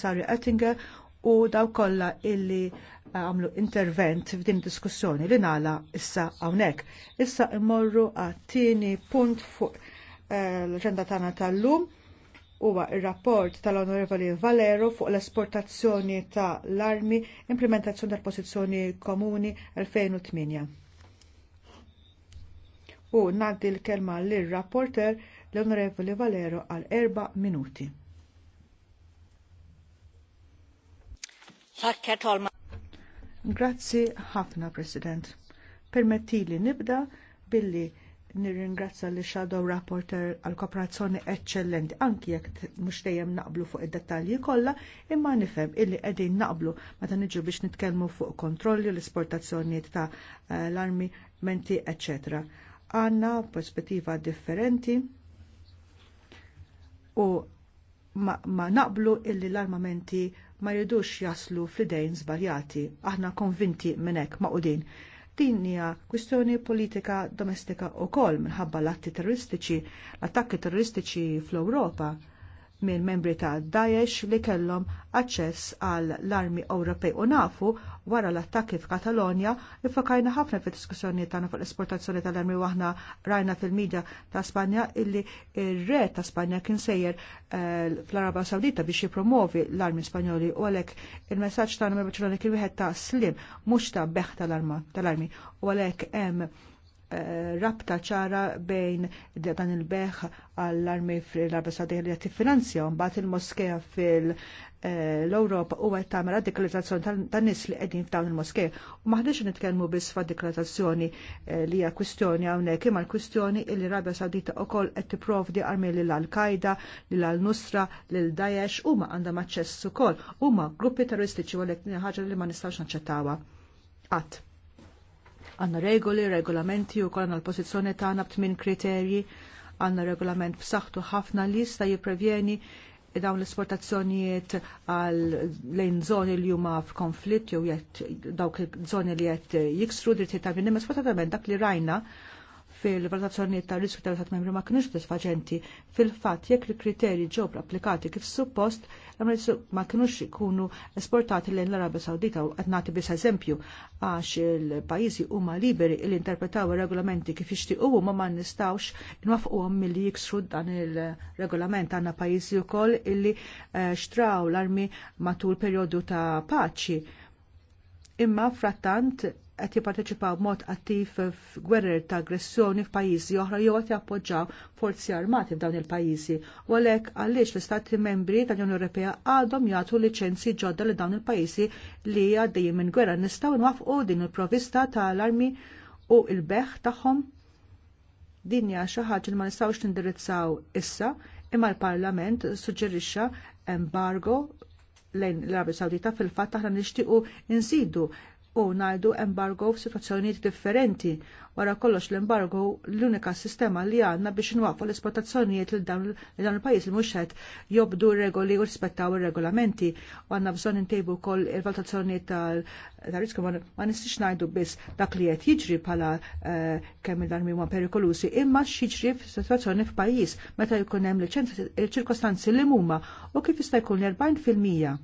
Sari Oettinger u daw kollha illi eh, għamlu intervent f'din diskussjoni li nala issa hawnhekk. Issa immorru għat-tieni punt fuq eh, l-ġenda tagħna tal-lum huwa il rapport tal-Onorevoli Valero fuq l-esportazzjoni ta' l-armi implementazzjoni tal-pożizzjoni komuni 2008. U ngħaddi l-kelma l rapporter l-Onorevoli Valero għal erba' minuti. Grazzi ħafna, President. Permettili nibda billi nirringrazza li Shadow Rapporter għal kooperazzjoni eccellenti anki jekk mhux dejjem naqblu fuq id-dettalji kollha, imma nifhem illi qegħdin naqblu meta niġu biex nitkellmu fuq kontrolli u l-esportazzjonijiet ta' eh, l-armi menti, ecc. Għandna perspettiva differenti u ma, ma naqblu illi l-armamenti ma jridux jaslu f'idejn żbaljati. Aħna konvinti minn hekk maqudin. Din hija kwistjoni politika domestika wkoll minħabba l-atti terroristiċi, l-attakki terroristiċi fl-Ewropa minn membri ta' Daesh li kellhom aċċess għal l-armi Ewropej u nafu wara l-attakki f'Katalonja fakajna ħafna fid diskussjoni tagħna fuq l-esportazzjoni tal-armi waħna rajna fil-medja ta' Spanja illi ir-re ta' Spanja kien sejjer eh, fl-Araba Sawdita biex jipromovi l-armi Spanjoli u għalhekk il-messaġġ tagħna mill-Barċelona kien wieħed ta' slim mhux ta' beħ tal-arma tal-armi u għalhekk hemm Eh, rabta ċara bejn dan il-beħ għall-armi fil arba eh, Saudita li qed tiffinanzja mbagħad il-moskeja fil-Ewropa u qed tagħmel deklarazzjoni tan nies li qegħdin f'dawn il-moskeja. U maħniex nitkellmu biss fa' deklarazzjoni eh, li hija kwistjoni hawnhekk imma l-kwistjoni li l u koll wkoll qed tipprovdi armi lil al-Qaida, lil al-Nusra, lil Daesh huma għandhom aċċess ukoll huma gruppi terroristiċi u ħaġa li ma nistax naċċettawha. Qatt. Għanna regoli, regolamenti u kolna l-pozizjoni tagħna b'tmin kriterji, għanna regolament b'saħħtu ħafna li jiprevjeni jipprevjeni dawn l-esportazzjonijiet għal lejn zoni li huma f'konflitt jew jett dawk zoni li qed jiksru dritti ta' minn sfortunatament dak li rajna fil valutazzjonijiet ta' risk tal stat membri ma kienux satisfaċenti fil-fatt jekk il-kriterji ġew applikati kif suppost ma kienux ikunu esportati lejn l-Arabja Sawdita u qed nagħti biss eżempju għax il-pajjiżi huma liberi li interpretaw ir-regolamenti kif jixtiequ ma ma nistgħux inwafquhom milli jiksru dan il-regolament għandna pajjiżi wkoll illi eh, xtraw l-armi matul perjodu ta' paċi. Imma frattant qed jipparteċipaw b'mod attiv f'gwerer ta' aggressjoni f'pajjiżi oħra jew qed jappoġġjaw forzi armati f'dawn il-pajjiżi. U għalhekk għaliex l-Istati membri tal-Unjoni Ewropea għadhom jagħtu liċenzji ġodda li dawn il-pajjiżi li għaddejjin minn gwerra nistgħu nwafqu din il-provista tal-armi u l-beħ tagħhom din hija xi ħaġa li ma nistgħux nindirizzaw issa imma l-Parlament suġġerixxa embargo lejn l arabi Sawdita fil-fatt aħna nixtiequ insidu u ngħidu embargo f'sitwazzjonijiet differenti. Wara kollox l-embargo l-unika sistema li għandna biex nwaqfu l-esportazzjonijiet li dawn il-pajjiż li mhux qed jobdu regoli u rispettaw ir-regolamenti. U għandna bżonn intejbu wkoll il-valutazzjonijiet tar riskju ma nistax ngħidu biss dak li qed jiġri bħala eh, kemm il-darmi huma perikolusi, imma x'jiġri f'sitwazzjoni f'pajjiż meta jkun hemm il-ċirkostanzi li mhuma u kif jista' jkun l-40 fil-mija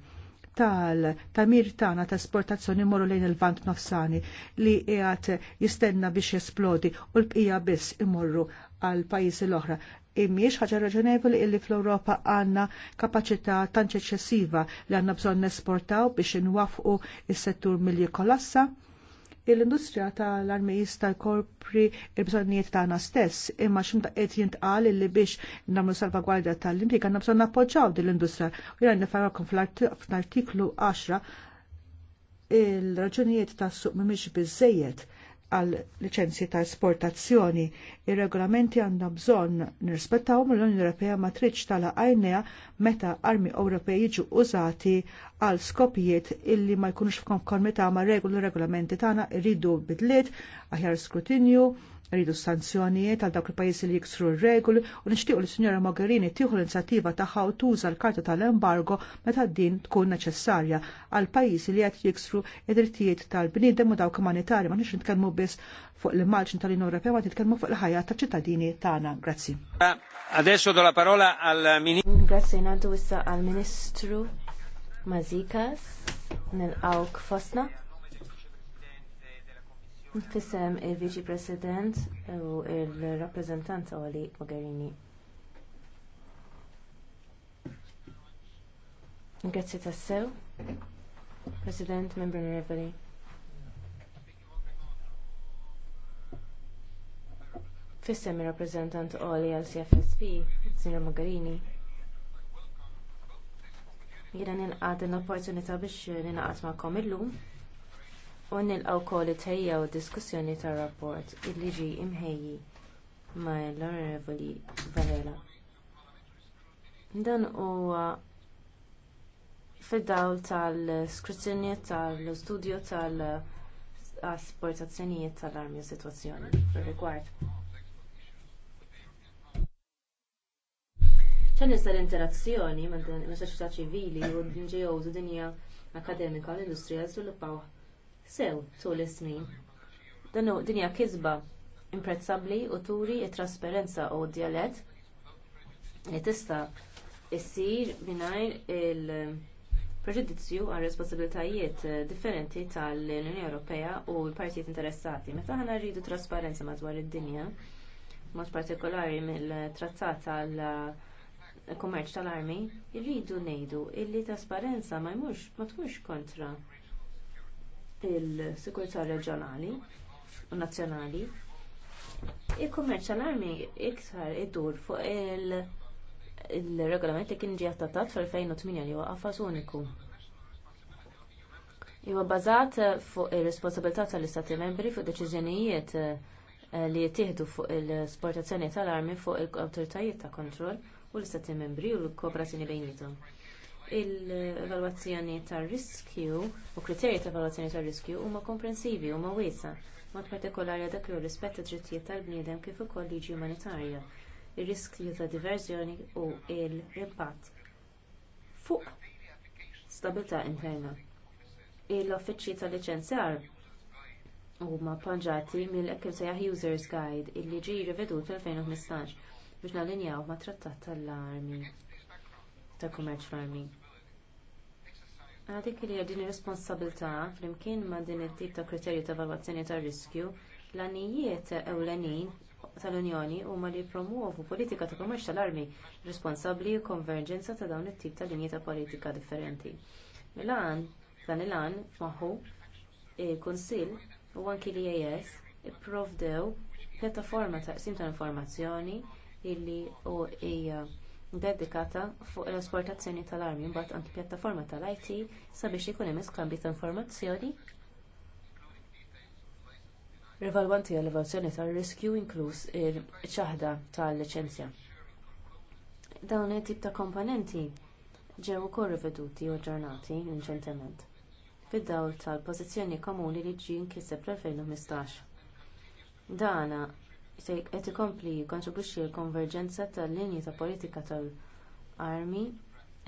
tal-tamir tagħna ta' esportazzjoni morru lejn il-vant nofsani li qiegħed jistenna biex jesplodi u l-bqija biss imorru għal pajjiżi l-oħra. Imiex ħaġa raġonevoli illi fl-Ewropa għandna kapaċità tant eċċessiva li għandna bżonn nesportaw biex inwafqu s settur milli kolassa l-industrija tal armijiet jista' jkorpri l-bżonnijiet tagħna stess, imma ta' qed jintqal li biex nagħmlu salvagwardja tal-impjeg għanna bżonn nappoġġaw din l-industrija. U jgħan nifarakom fl-artiklu 10 il-raġunijiet tas-suq mimiex bizzejiet għal liċenzji ta' esportazzjoni. Ir-regolamenti għandhom bżonn nirrispettaw mill-Unjoni Ewropea ma tridx tala għajnejha meta armi Ewropej jiġu użati għal skopijiet illi ma jkunux f'konformità ma' regoli regolamenti tagħna jridu bidliet aħjar skrutinju rridu sanzjonijiet għal dawk il-pajjiżi li jiksru r-regoli u nixtiequ li Sinjora Mogherini tieħu l-inizjattiva tagħha u tuża l-karta tal-embargo meta din tkun neċessarja għal pajjiżi li qed jiksru id-drittijiet tal-bniedem u dawk umanitarji ma nix nitkellmu biss fuq l-immaġni tal-Unjoni Ewropea ma nitkellmu fuq il-ħajja ta' ċittadini tagħna. Grazzi. Adesso do la parola al ministru. Grazzi ngħaddu issa għal Ministru Mazikas awk Fosna. Fissem il-Viċi President u il-Rappresentant Oli Mogherini. Grazie tassew. President, Member Onorevoli. Fissem il-Rappresentant Oli għal CFSP, Sinra Mogherini. Jena nilqa għad l opportunita biex nil-għad ma' illum u nilqaw koll it-tejja u diskussjoni tar rapport illi ġie imħejji ma l-Onorevoli Varela. Dan huwa fid-dawl tal-skrutinju tal-studju tal-asportazzjonijiet tal-armi u sitwazzjoni fir-rigward. ċan l-interazzjoni ma' soċjetà ċivili u NGOs u dinja akademika u l-industrija żviluppaw sew tul is-snin. Dan din hija kisba imprezzabbli u turi t trasparenza u d li tista' issir mingħajr il-preġudizzju għal responsabilitajiet differenti tal-Unjoni Ewropea u l-partijiet interessati. Meta aħna rridu trasparenza madwar id-dinja, mod partikolari mill-trattat tal kummerċ tal-armi, rridu ngħidu li trasparenza ma jmurx ma tkunx kontra il-sikurità reġjonali u nazzjonali, il-kummerċ tal-armi iktar idur fuq il-regolament li kien ġie attattat fl-2008 li huwa qafas uniku. Iwa bbażat fuq ir-responsabilità tal-Istati membri fuq deċiżjonijiet eh, li jittieħdu fuq il-sportazzjoni tal-armi fuq il-awtoritajiet ta' kontroll u l-Istati membri u l-kooperazzjoni bejnietom il-evalwazzjoni tar riskju u kriterji ta' evalwazzjoni tar riskju huma komprensivi huma wiesa, mod partikolari dak li rispetta drittijiet tal-bniedem kif ukoll liġi umanitarja, ir-riskju ta' diverżjoni u l-impatt fuq stabilità interna. L-offiċċji tal liċenzjar huma panġati mill-ekkim sejjaħ Users Guide illi ġie rivedut fil-2015 biex nalinjaw mat trattat tal-armi ta' kummerċ farmi. Għadik li din ir-responsabilità flimkien ma' din it-tip ta' kriterju ta' valwazzjoni tar riskju, l-għanijiet ewlenin tal-Unjoni huma li jippromuovu politika ta' kummerċ tal-armi responsabbli u konverġenza ta' dawn it-tip ta' linji ta' politika differenti. Milan, dan il-għan maħu il-Kunsill u anki li EAS ipprovdew pjattaforma ta' qsim ta' informazzjoni illi u hija dedikata fuq l-esportazzjoni tal-armi mbagħad anki pjattaforma tal-IT sabiex ikun hemm iskambju ta' informazzjoni rivalwanti l evalwazzjoni tar-riskju inkluż il-ċaħda tal-liċenzja. Dawn it-tip ta' komponenti ġew ukoll riveduti u ġurnati inċentement fid-dawl tal-pożizzjoni komuni li ġie nkiseb fl-2015. Dana Se qed ikompli jikkontribwixxi l-konverġenza tal-linji ta' politika tal-armi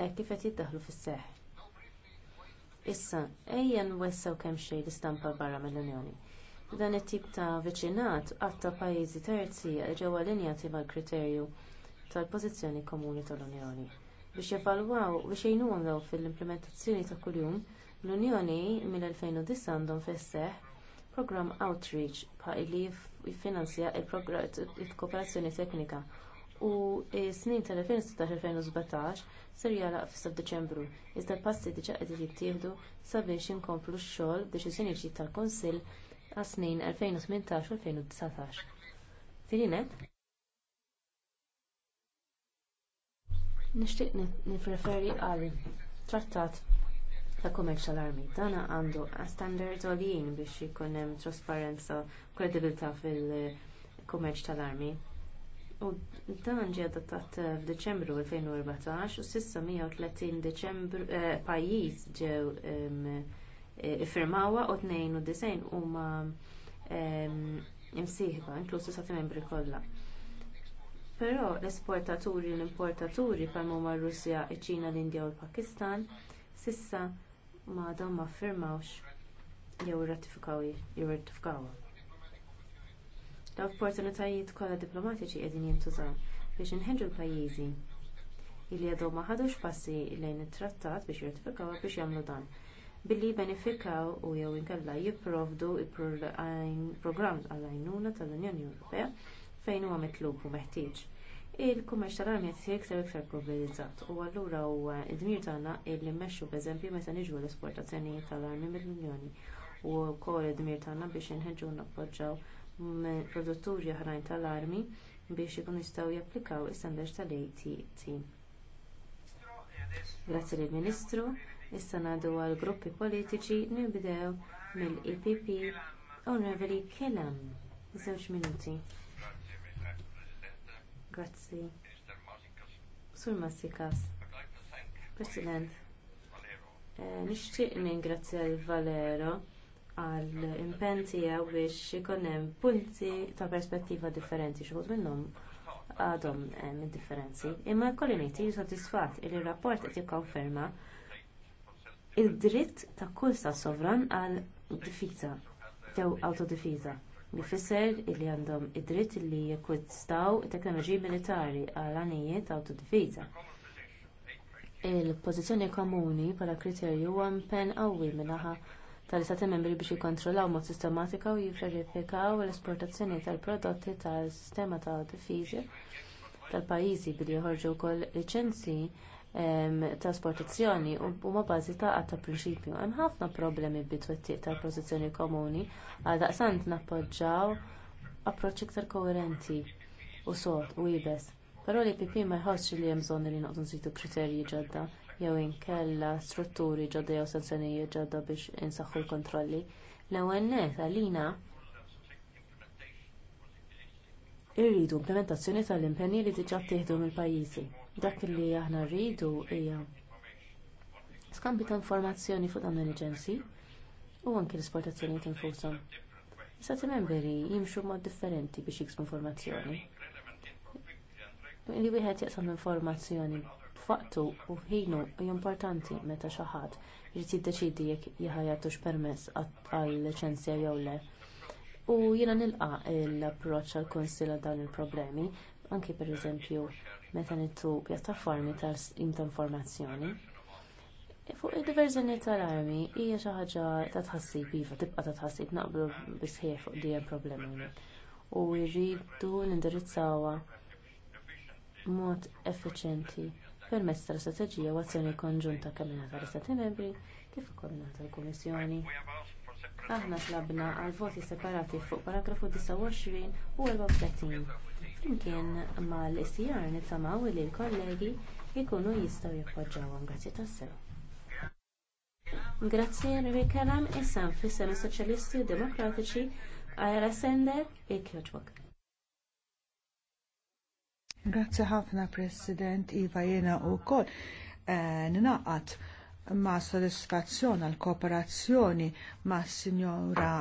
hekk kif qed jiddaħħlu fis-seħħ. Issa, ejja nwessaw kemm xejn l-istampa barra mill-Unjoni. Dan it-tip ta' viċinat qatt ta' pajjiżi terzi ġewwa linjati mal-kriterju tal-pożizzjoni komuni tal-Unjoni. Biex jevalwaw biex jgħinuhom daw fil-implementazzjoni ta' kuljum, l-Unjoni mill-2009 għandhom fis-seħħ programm Outreach pa' ilif jiffinanzja il-kooperazzjoni teknika u snin tal-2016-2017 ser jaraq fis deċembru iżda l passi diġà qed jittieħdu sabiex inkomplu x-xogħol deċiżjoni ġdid tal-Kunsill għas-snin 2018-2019. Tirinet? Nixtieq nifreferi għal trattat ta' kummerċ tal-armi. Dan għandu standards għoljin biex ikun hemm trasparenza u kredibilità fil-kummerċ tal-armi. U dan ġie adattat f'Diċembru 2014 u sissa 130 Deċembru eh, pajjiż ġew eh, iffirmawha u 92 huma imsieħba, inklusu sa' membri kollha. Però l-esportaturi u l-importaturi bħalma huma r-Russja, iċ-Ċina, l-Indja u l-Pakistan sissa ma dan ma jew irratifikaw jirratifikaw. L-opportunitajiet kollha diplomatiċi qegħdin jintużaw biex inħeġġu l-pajjiżi illi għadhom ma ħadux passi lejn it-trattat biex jirratifikawha biex jagħmlu dan billi benefikaw u jew inkella jipprovdu il-programm għal għajnuna tal-Unjoni Ewropea fejn huwa mitlub u meħtieġ il-kummerċ tal-armjezz iktar iktar globalizzat u allura huwa d-dmir tagħna illi mmexxu b'eżempju meta niġu l-esportazzjonijiet tal-armi mill-Unjoni u wkoll id-dmir tagħna biex inħeġġu nappoġġaw produtturi oħrajn tal-armi biex ikunu jistgħu japplikaw is-standards tal-ATT. Grazzi lill ministru issa ngħaddu għall gruppi politiċi nibdew mill-EPP Onorevoli Kellam. Żewġ minuti. Grazzi. Sur Massikas. President. Eh, nixtieq ningrazzja l-Valero għal impentija biex ikun hemm punti ta' perspettiva differenti xogħol minnhom għadhom minn differenzi. Imma kolli ngħid jisodisfat li r rapport qed jikkonferma id dritt ta' kull stat sovran għal difiża jew autodifiża li fisser li għandhom id-dritt li jekkwistaw teknoloġiji militari għal għanijiet autodifiża. Il-pożizzjoni komuni bħala kriterju huwa mpenn qawwi min-naħa tal-istati membri biex jikkontrollaw mod sistematika u jivverifikaw l-esportazzjoni tal-prodotti tas-sistema ta' difiżi tal-pajjiżi billi joħorġu wkoll liċenzji trasportazzjoni huma bażi ta' ta' prinċipju. Hemm ħafna problemi bit-twettiq tal-pożizzjoni komuni għal daqsant nappoġġaw approċċ iktar koerenti u sod u iebes. Però li PP ma jħossx li hemm bżonn li noqgħdu nżidu kriterji ġodda jew inkella strutturi ġodda jew sanzjonijiet ġodda biex insaħħu l-kontrolli. L-ewwel nett għalina irridu implementazzjoni tal-impenni li diġà ttieħdu mill-pajjiżi Dak li aħna rridu hija skambi ta' informazzjoni fuq dawn l-emerġenzi u anke l-esportazzjoni ta' infushom. Stati membri jimxu mod differenti biex jiksbu informazzjoni. Li wieħed jaqsam informazzjoni f'waqtu u ħinu u importanti meta xi ħadd irid jiddeċiedi jekk jħajjatux permess għal liċenzja jew le. U jiena nilqa l-approċċ għall kunsill għal dawn il-problemi, anke pereżempju meta nittu pjattaformi tal ta' informazzjoni. E fuq id-diverżjoni tal-armi hija xi ħaġa ta' tħassib iva tibqa' ta' tħassib naqblu bisħieħ fuq li hemm problemi u jridu nindirizzawha b'mod effiċjenti permezz tal-istrateġija u azzjoni konġunta kemm mingħata tal-Istati Membri kif ukoll mingħata tal-Kummissjoni. Aħna tlabna għal voti separati fuq paragrafu 29 u 34 Flimkien mal-ICR nittamaw li l-kollegi jkunu jistgħu jappoġġawhom grazzi tassew. Grazzi Enrique Lam issa fis-sena Soċjalisti u Demokratiċi għajra sender ikjoġbok. Grazzi ħafna President Iva jena u kol. Eh, ninaqat ma' sodisfazzjon għall kooperazzjoni mas Sinjora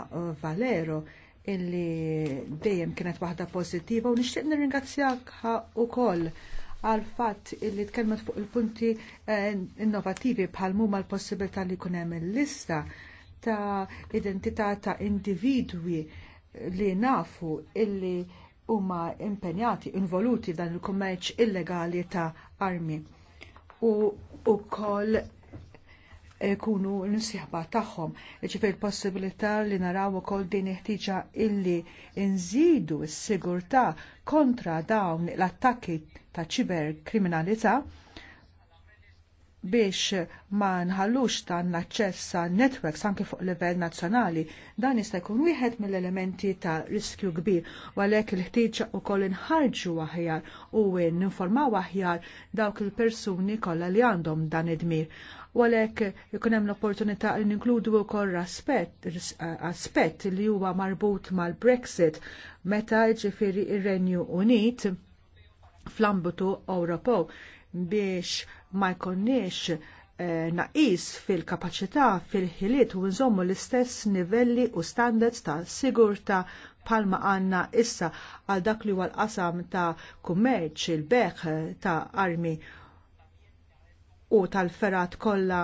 Valero illi dejjem kienet waħda pożittiva u nixtieq nirringrazzjak ukoll għal fatt illi tkellmet fuq il-punti eh, innovattivi bħal huma l-possibilità li jkun hemm il-lista ta' identità ta' individwi li nafu illi huma impenjati, involuti dan il-kummerċ illegali ta' armi. U wkoll jkunu l-insieħba tagħhom. Ġifier il-possibilità li naraw ukoll din ħtiġa illi nżidu s-sigurtà kontra dawn l-attakki ta' ċiber kriminalità biex ma nħallux tan l-aċċess networks anke fuq livell nazzjonali, dan jista' jkun wieħed mill-elementi ta' riskju kbir, u għalhekk il ħtieġa wkoll inħarġu aħjar u ninformaw aħjar dawk il-persuni kollha li għandhom dan id-dmir u għalhekk ikun hemm l-opportunità li ninkludu wkoll aspett li huwa marbut mal-Brexit meta ġifieri ir-Renju Unit fl-ambitu Ewropew biex ma jkunniex eh, naqis fil-kapacità fil-ħiliet u nżommu l-istess nivelli u standards ta' sigurta palma għanna issa għal dak li huwa l-qasam ta' kummerċ, il-beħ ta' armi u tal-ferat kollha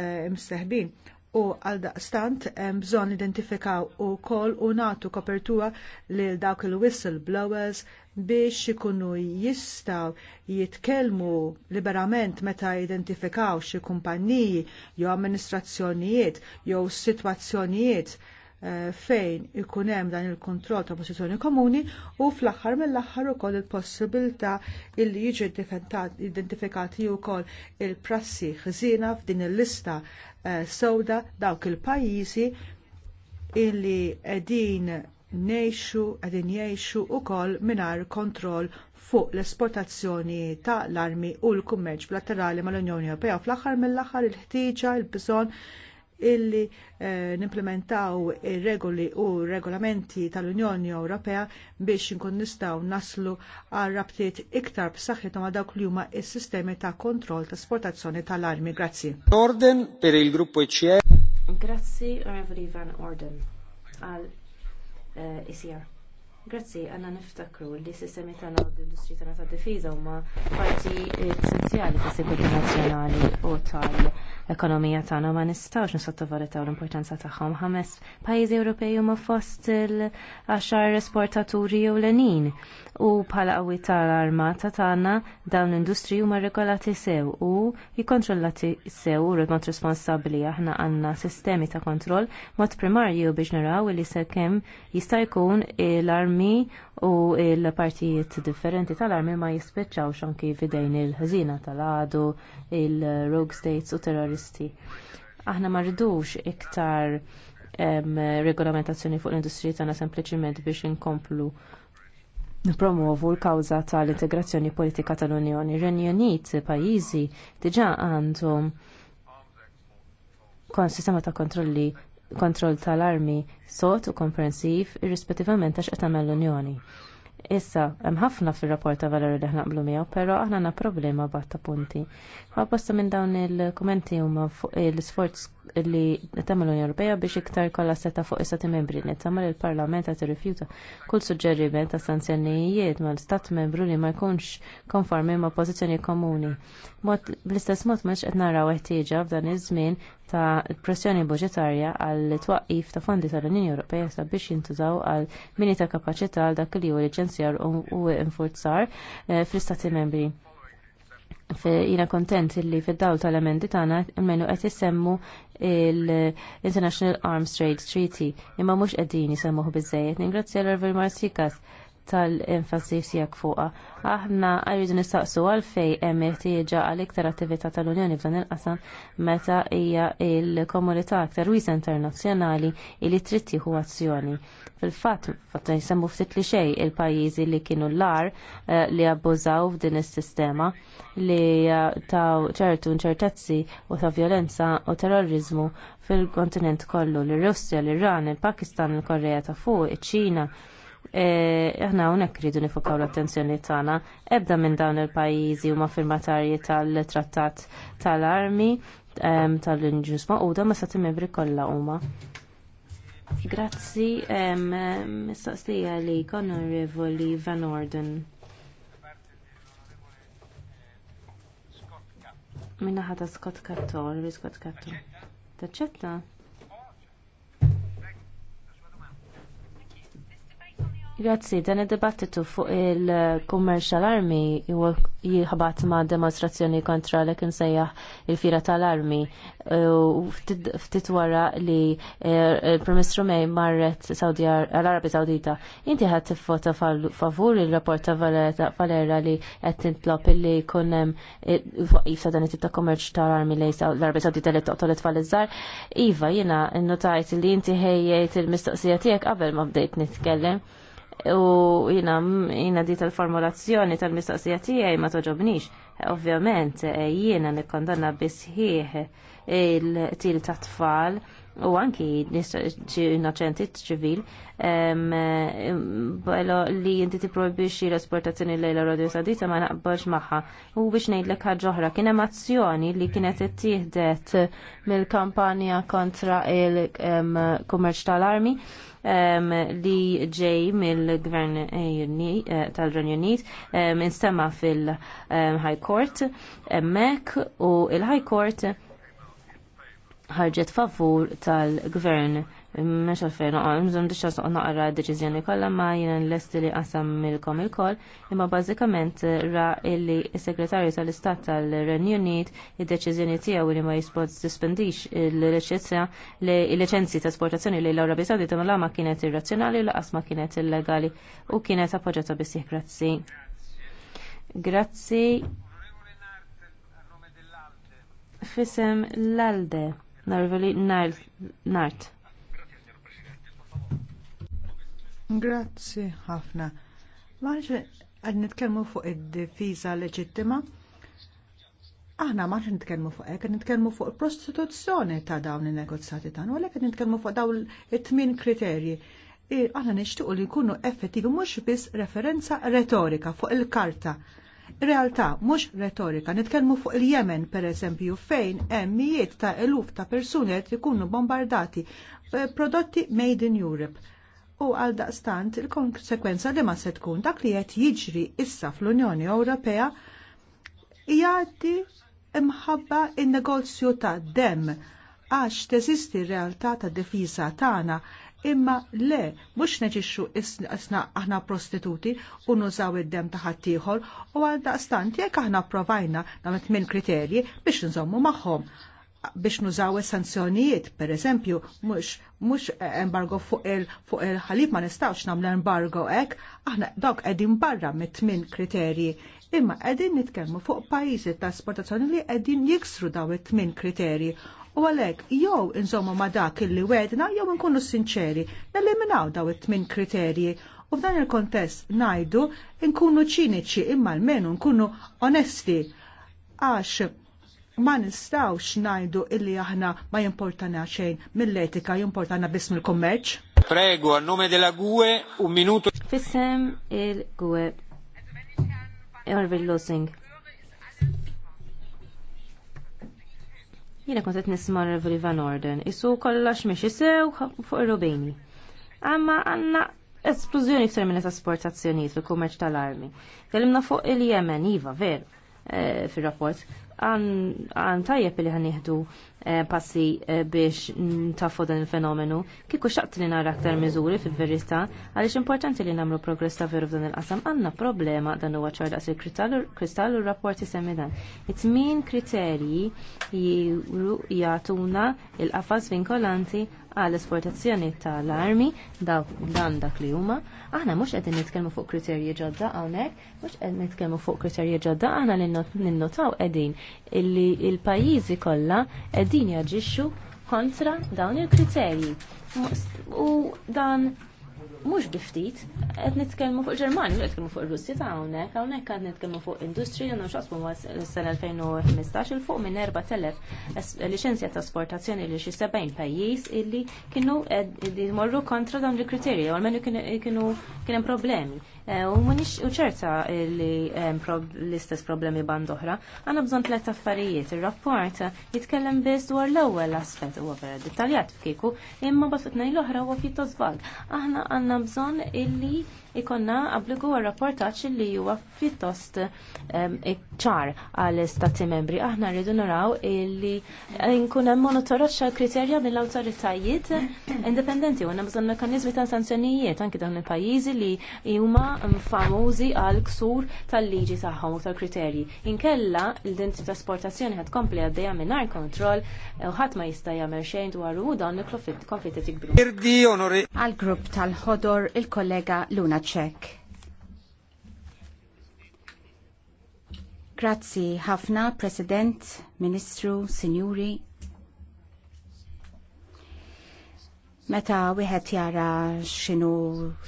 e, msehbin u għaldaqstant hemm eh, bżonn identifikaw ukoll u nagħtu kopertura lil dawk il-whistleblowers biex ikunu jistgħu jitkellmu liberament meta jidentifikaw xi kumpaniji jew amministrazzjonijiet jew sitwazzjonijiet Eh, fejn ikun hemm dan il-kontroll ta' pożizzjoni komuni u fl-aħħar mill-aħħar ukoll il-possibilità illi jiġi identifikati wkoll il-prassi ħżiena f'din il-lista eh, sewda dawk il-pajjiżi illi qegħdin ngħixu qegħdin jgħixu wkoll mingħajr kontroll fuq l-esportazzjoni ta' l-armi u l-kummerċ bilaterali mal-Unjoni Ewropea fl-aħħar mill-aħħar il-ħtieġa il-bżonn illi eh, nimplementaw ir-regoli u regolamenti tal-Unjoni Ewropea biex inkun nistgħu naslu għal rabtiet iktar b'saħħithom ma' dawk li huma s-sistemi ta' kontroll ta' sportazzjoni tal-armi. Grazzi. Orden per il gruppo ECR. E. Grazzi, Reverend Van Orden, għal eh, ICR. E Grazzi, għanna niftakru li s-sistemi tagħna u l-industri tagħna tad difiża huma parti essenzjali ta' sigurtà nazzjonali u tal-ekonomija tagħna ma nistgħux nisottovalutaw l-importanza tagħhom. Ħames pajjiżi Ewropej huma fost il-għaxar esportaturi ewlenin u bħala qawwi tal-armata tagħna dawn l-industri huma regolati sew u jikkontrollati sew u mod responsabbli aħna għandna sistemi ta' kontroll mod primarju biex naraw li sekemm jista' jkun l-arm armi u l partijiet differenti tal-armi ma jispiċċawx anki fidejn il ħazina tal-għadu, il-rogue states u terroristi. Aħna ma rridux iktar regolamentazzjoni fuq l-industrija tagħna sempliċiment biex inkomplu nipromovu l-kawża tal-integrazzjoni politika tal-Unjoni. Renju Unit pajjiżi diġà għandhom kon sistema ta' kontrolli kontroll tal-armi sot u komprensiv irrispettivament għax qed tagħmel l-Unjoni. Issa, hemm ħafna fir-rapport ta' valori li ħnaqblu miegħu, però aħna għandna problema b'għatta punti. Ma posta minn dawn il-kumenti huma fuq l-isforz li tagħmel l-Unjoni Ewropea biex iktar kollha seta' fuq is-Stati Membri li tagħmel il-Parlament qed irrifjuta kull suġġeriment ta' sanzjonijiet mal-Stat Membru li ma jkunx konformi ma' pożizzjoni komuni. bl-istess mod m'hemmx qed naraw ħtieġa f'dan iż-żmien ta' pressjoni budġetarja għal twaqqif ta' fondi tal-Unjoni Ewropea sabiex jintużaw għal mini ta' kapaċità għal dak li hu liċenzjar u infurzar eh, fl-Istati Membri jina kontent li fid-dawl tal-emendi tagħna menu qed isemmu l-International Arms Trade Treaty imma mhux qegħdin jisemmuh biżejjed. Ningrazzja l-Orvil Marsikas tal-enfasi tiegħek fuqha. Aħna rridu nistaqsu għalfejn hemm ħtieġa għal iktar attività tal-Unjoni f'dan il-qasam meta hija l-komunità aktar wiesa internazzjonali li trid tieħu azzjoni. Fil-fatt, fatt jisemmu ftit li xejn il-pajjiżi li kienu l-ar eh, li abbużaw f'din is-sistema li eh, taw ċertu nċertezzi u ta' violenza u terrorizmu fil-kontinent kollu l-Russja, l-Iran, il-Pakistan, il-Korea ta' fuq, iċ-Ċina, E, aħna hawnhekk rridu nifokaw l-attenzjoni tagħna ebda minn dawn il-pajjiżi huma firmatarji tal-trattat tal-armi tal-inġus maquda ma sa membri kollha huma. Grazzi, mistaqsija li konorevoli Van Orden. Minna ħata Scott Kattor, Scott Kattor. Taċċetta? Grazzi, dan id-dibattitu fuq il-commercial armi jħabat ma' demonstrazzjoni kontra l sejjaħ il-fira tal-armi u ftit wara li eh, il premistru Mej marret l-Arabi Sawdita. Inti ħad tifvota favur il-rapport ta' Valera li qed tintlop li kunem jifta eh, dan it-tip ta' kommerċ tal-armi li l-Arabi Sawdita li toqtol it-tfal iż-żar. Iva, jiena notajt li inti ħejjejt il-mistoqsija tiegħek qabel ma bdejt nitkellem u jina jina di tal-formulazzjoni tal-mistoqsija tiegħi ma toġobnix. Ovvjament eh, jiena nikkondanna bisħieħ il-til tat-tfal u anki innoċenti ċivil li inti xie l-esportazzjoni lejla Arabja sadita ma naqbalx magħha. U biex ngħidlek l oħra kien hemm azzjoni li kienet ittieħdet mill-kampanja kontra il-kummerċ tal-armi li ġej mill-Gvern eh, tal-Renju Unit instemma fil-High Court hemmhekk u il-High Court ħarġet favur tal-gvern mhux għalfejn nżomm oh, diċċa soq naqra d-deċiżjoni kollha ma jiena nlesti li qasam milkom il-koll, imma bażikament ra illi s-Segretarju tal-Istat tal-Renju Unit id-deċiżjoni tiegħu li ma jispondix il-liċenzji ta' esportazzjoni li l-Arabja Saudita ma ma kienet ir-razzjonali laqas ma kienet illegali u kienet appoġġjata bisih grazzi. Grazzi. Fisem l-alde Narveli Nart. Grazzi ħafna. Maħġ għad nitkelmu fuq id difiza leġittima. Aħna maħġ nitkellmu fuq hekk, nitkelmu fuq prostituzzjoni ta' dawn in-negozjati tagħna, u nitkelmu nitkellmu fuq dawn it-tmien kriterji. Aħna nixtiequ li jkunu effettivi mhux biss referenza retorika fuq il-karta. il karta realtà mhux retorika. Nitkellmu fuq il-Yemen pereżempju fejn hemm mijiet ta' eluf ta' persuni qed ikunu bombardati eh, prodotti made in Europe. U għal daqstant il-konsekwenza li ma se tkun dak li qed jiġri issa fl-Unjoni Ewropea jgħaddi imħabba in-negozju ta' dem għax teżisti r-realtà tad difiża tagħna imma le mhux neġixxu isna aħna prostituti u nużaw id-dem ta' ħaddieħor u għal daqstant jekk aħna provajna na minn kriterji biex nżommu magħhom biex nużaw sanzjonijiet, per eżempju, mux, mux embargo fuq il-ħalib ma nistawx namlu embargo ek, aħna dawk edin barra mit tmin kriterji. Imma edin nitkelmu fuq pajizi ta' esportazzjoni li edin jiksru daw it-tmin kriterji U għalhekk jew inżommu ma dak illi wedna jew nkunu sinċeri, neliminaw daw it-tmin kriterji u f'dan il-kontest ngħidu nkunu ċiniċi imma l-menu nkunu onesti għax ma nistawx ngħidu illi aħna ma jimportana xejn mill-etika jimportana biss mill-kummerċ. Prego, a nome della GUE, un minuto. Fissem il-GUE. Orville Losing. Jiena kont qed nisma' Revoli Van Orden, isu kollox mhix isew fuq ir-rubini. Amma għandna esplużjoni f'termini minn sportazzjonijiet fil-kummerċ tal-armi. Kellimna fuq il-Yemen, iva, veru, eh, fir-rapport, għan tajjeb li ħaniħdu eh, passi eh, biex ntafu dan il-fenomenu. Kiku xaqt li nara aktar miżuri fil verità għalix importanti li namlu progress ta' veru f'dan il-qasam għanna problema dan huwa ċar daqs il-kristall u rapporti semmi dan. It-tmin kriterji jgħatuna il-qafas vinkolanti għal esportazzjoni tal-armi dan dak li huma. Aħna mhux qed nitkellmu fuq kriterji ġodda hawnhekk, mhux qed nitkellmu fuq kriterji ġodda aħna li ninnotaw qegħdin illi l-pajjiżi kollha qegħdin jaġixxu kontra dawn il-kriterji. U dan mhux biftit, qed nitkellmu fuq il-Ġermanja, qed nitkellmu fuq ir-Russja ta' hawnhekk, hawnhekk qed nitkellmu fuq industrija li s sena 2015 il fuq minn 4000 liċenzja ta' esportazzjoni li xi 70 pajjiż illi kienu jmorru kontra dawn il-kriterji, u almenu kienu kien hemm problemi. Eh, u mhux u ċerta li l-istess problemi band oħra. għanna bżonn tletta affarijiet. Ir-rapport jitkellem biss dwar l-ewwel aspett u vera dettaljat f'kieku, imma bas l-oħra u pjuttost vag. Aħna għandna bżonn illi ikonna obbligu għal rapportaċ li huwa fittost ehm, ċar għal stati membri. Aħna rridu naraw li eh, nkun hemm monitoraġġ għal kriterja mill-awtoritajiet indipendenti u bżonn mekkaniżmi ta' sanzjonijiet anki dawn il-pajjiżi li huma famużi għal ksur tal-liġi tagħhom u tal-kriterji. Inkella l-identità trasportazzjoni ħad kompli għaddejja mingħajr kontroll eh, u ħadd ma jista' jagħmel xejn dwar u dawn il-konflitti jikbru. Għal grupp tal-ħodor il-kollega Luna Lunacek. Grazzi ħafna, President, Ministru, Sinjuri. Meta wieħed jara x'inhu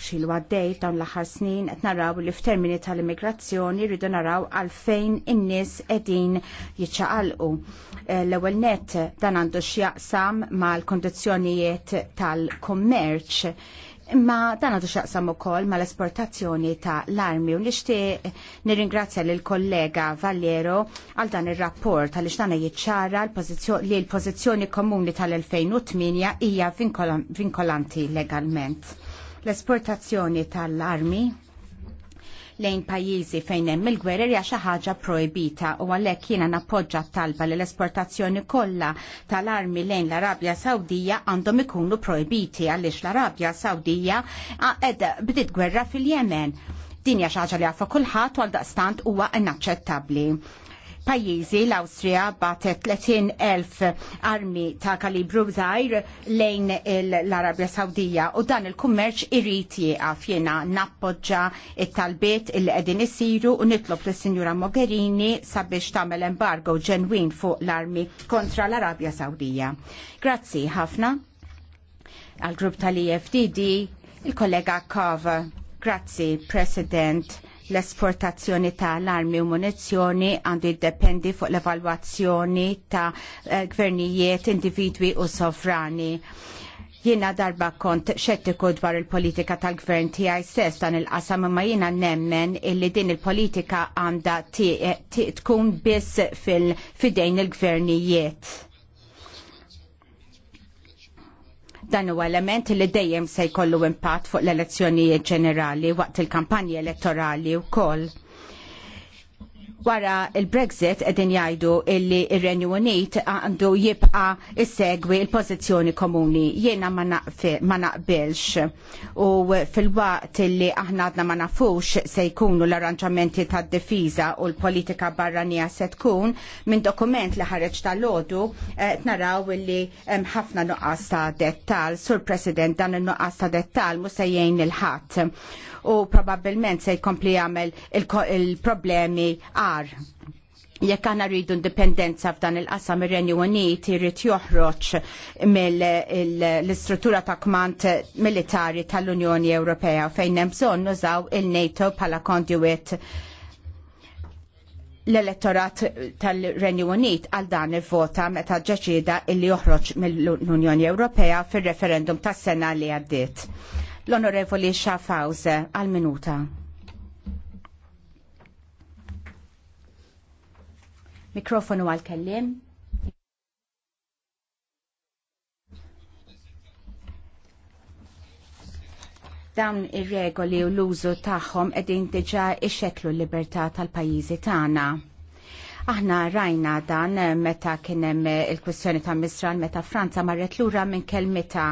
xilu għaddej dawn l-aħħar snin qed naraw li f'termini tal-immigrazzjoni rridu naraw għalfejn in-nies qegħdin jiċċaqalqu. Eh, l-ewwel net dan għandu x'jaqsam mal-kondizzjonijiet tal-kummerċ Imma dan għadu xaqsam u koll ma l-esportazzjoni ta' l-armi u nir nirringrazzja l kollega Valiero għal dan il-rapport għal ixtana jitċara li l-pozizjoni komuni tal-2008 hija vinkolanti legalment. L-esportazzjoni tal-armi lejn pajjiżi fejn hemm il-gwerer hija xi ħaġa projbita u għalhekk jiena nappoġġa talba li l-esportazzjoni kollha tal-armi lejn l-Arabja Sawdija għandhom ikunu projbiti għaliex l-Arabja Sawdija bdiet gwerra fil-Yemen. Din hija xi ħaġa li għafa kulħadd għal daqstant huwa inaċċettabbli pajjiżi l-Awstrija batet 30,000 armi ta' kalibru żgħir lejn l-Arabja Sawdija u dan il-kummerċ irid jieqaf jiena nappoġġa it-talbiet il qegħdin isiru u nitlob lis-Sinjura Mogherini sabiex tagħmel embargo ġenwin fuq l-armi kontra l-Arabja Sawdija. Grazzi ħafna għal-grupp tal ifdd il-kollega Kava. Grazzi, President L-esportazzjoni ta' l-armi u munizzjoni għandu jiddependi fuq l-evalwazzjoni ta' eh, gvernijiet, individwi u sovrani. Jiena darba kont xettiku dwar il-politika tal-gvern tiegħi stess dan il-qasam imma jiena nemmen illi din il-politika għandha tkun biss fil-fidejn il-gvernijiet Dan huwa element li dejjem se jkollu impatt fuq l-elezzjonijiet ġenerali waqt il-kampanji elettorali wkoll wara il-Brexit edin jajdu illi il-Renju Unit għandu jibqa segwi il-pozizjoni komuni. Jena ma naqbilx u fil-waqt illi aħna għadna ma nafux se jkunu l-arranġamenti ta' difiża u l-politika barranija se tkun minn dokument li ħareġ tal-lodu eh, naraw illi ħafna nuqqas ta' dettal. Sur President dan il-nuqqas ta' dettal musajjien il-ħat u probabilment se jkompli jagħmel il-problemi għal ċar jekk għanna rridu indipendenza f'dan il-qasam ir-Renju Unit jrid joħroġ mill-istruttura ta' kmand militari tal-Unjoni Ewropea fejn hemm bżonn nużaw il-NATO bħala conduit l-elettorat tal-Renju Unit għal dan il-vota meta ġeċida illi joħroġ mill-Unjoni Ewropea fir-referendum tas-sena li għaddiet. L-Onorevoli Schaffhauser għal-minuta. Mikrofonu għal-kellim. dawn ir-regoli u l-użu tagħhom qegħdin diġà ixxeklu l-libertà tal-pajjiżi tagħna. Aħna rajna dan meta kien hemm il-kwistjoni ta' Misran meta Franza marret lura minn kelmita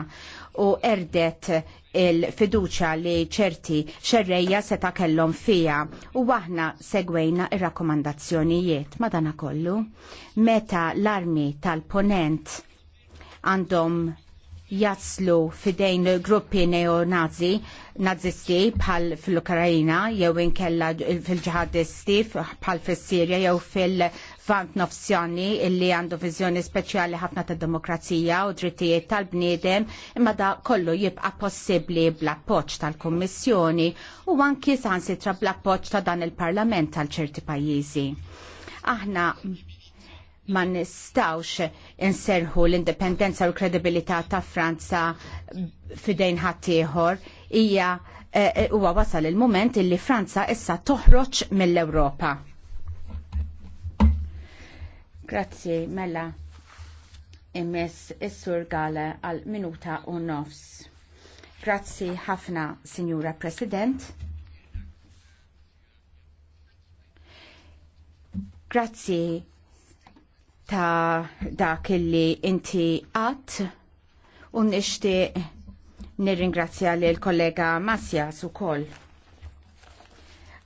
u erdet il-fiduċa li ċerti xerreja seta' kellhom fija u aħna segwejna il rakkomandazzjonijiet madana kollu meta l-armi tal-ponent għandhom jaslu fidejn gruppi neonazi nazisti bħal fil-Ukrajina jew inkella fil-ġihadisti bħal fis-Sirja jew fil fant nofzjoni illi għandu viżjoni speċjali ħafna ta' demokrazija u drittijiet tal-bniedem imma da kollu jibqa possibli bla poċ tal-Kommissjoni u anki sansitra bla poċ ta' dan il-Parlament tal-ċerti pajjiżi. Aħna ma nistawx inserħu l-indipendenza u l-kredibilità ta' Franza fidejn ħaddieħor hija eh, eh, huwa wasal il-moment illi Franza issa toħroġ mill-Ewropa. Grazzi, mela imess is-sur Gale għal minuta u nofs. Grazzi ħafna, Sinjura President. Grazzi ta' dak illi inti għat un nishti nirringrazzja l kollega Masjas u koll.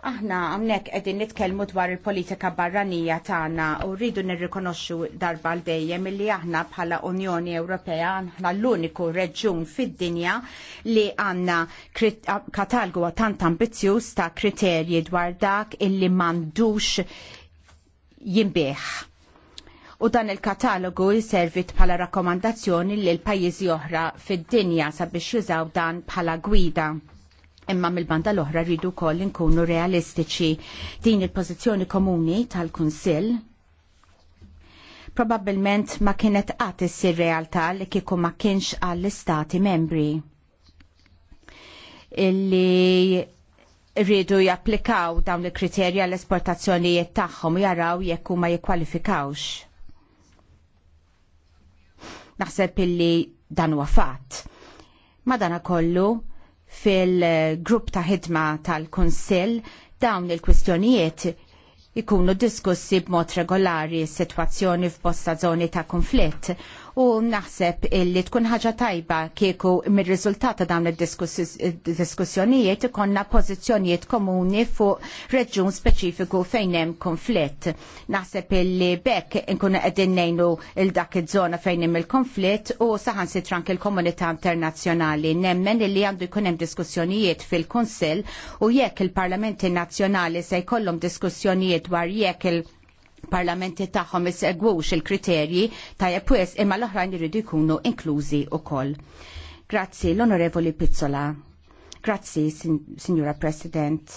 Aħna hawnhekk qegħdin nitkellmu dwar il-politika barranija tagħna u rridu nirrikonoxxu darba l dejjem li aħna bħala Unjoni Ewropea aħna l-uniku reġjun fid-dinja li għandna katalgu tant ambizzjuż ta' kriterji dwar dak illi m'għandux jinbih. U dan il-katalogu jservit bħala rakkomandazzjoni lil pajjiżi oħra fid-dinja sabiex jużaw dan bħala gwida imma mill-banda l-oħra rridu wkoll nkunu realistiċi. Din il-pozizjoni komuni tal-Kunsill probabbilment ma kienet qatt issir realtà li kieku ma kienx għall-istati membri illi rridu japplikaw dawn il-kriterja l-esportazzjonijiet tagħhom jaraw jekk ma jikkwalifikawx. Naħseb illi dan huwa fatt. Madana kollu fil-grupp ta' ħidma tal-Kunsill dawn il-kwistjonijiet ikunu diskussi b'mod regolari s-sitwazzjoni f'bosta zoni ta' konflitt u naħseb illi tkun ħaġa tajba kieku mir-riżultat ta' dawn id-diskussjonijiet ikonna pożizzjonijiet komuni fuq reġjun speċifiku fejn hemm konflitt. Naħseb illi bekk nkunu qegħdin ngħinu il dak iż-żona fejn hemm il-konflitt u saħansitra anke l-komunità internazzjonali nemmen illi għandu jkun hemm diskussjonijiet fil-Kunsill u jekk il-Parlamenti Nazzjonali se jkollhom diskussjonijiet dwar jekk il- parlamenti tagħhom isegwux il-kriterji tajjeb jepwes imma l-oħrajn jridu jkunu inklużi wkoll. Grazzi l-Onorevoli Pizzola. Grazzi, Signora President.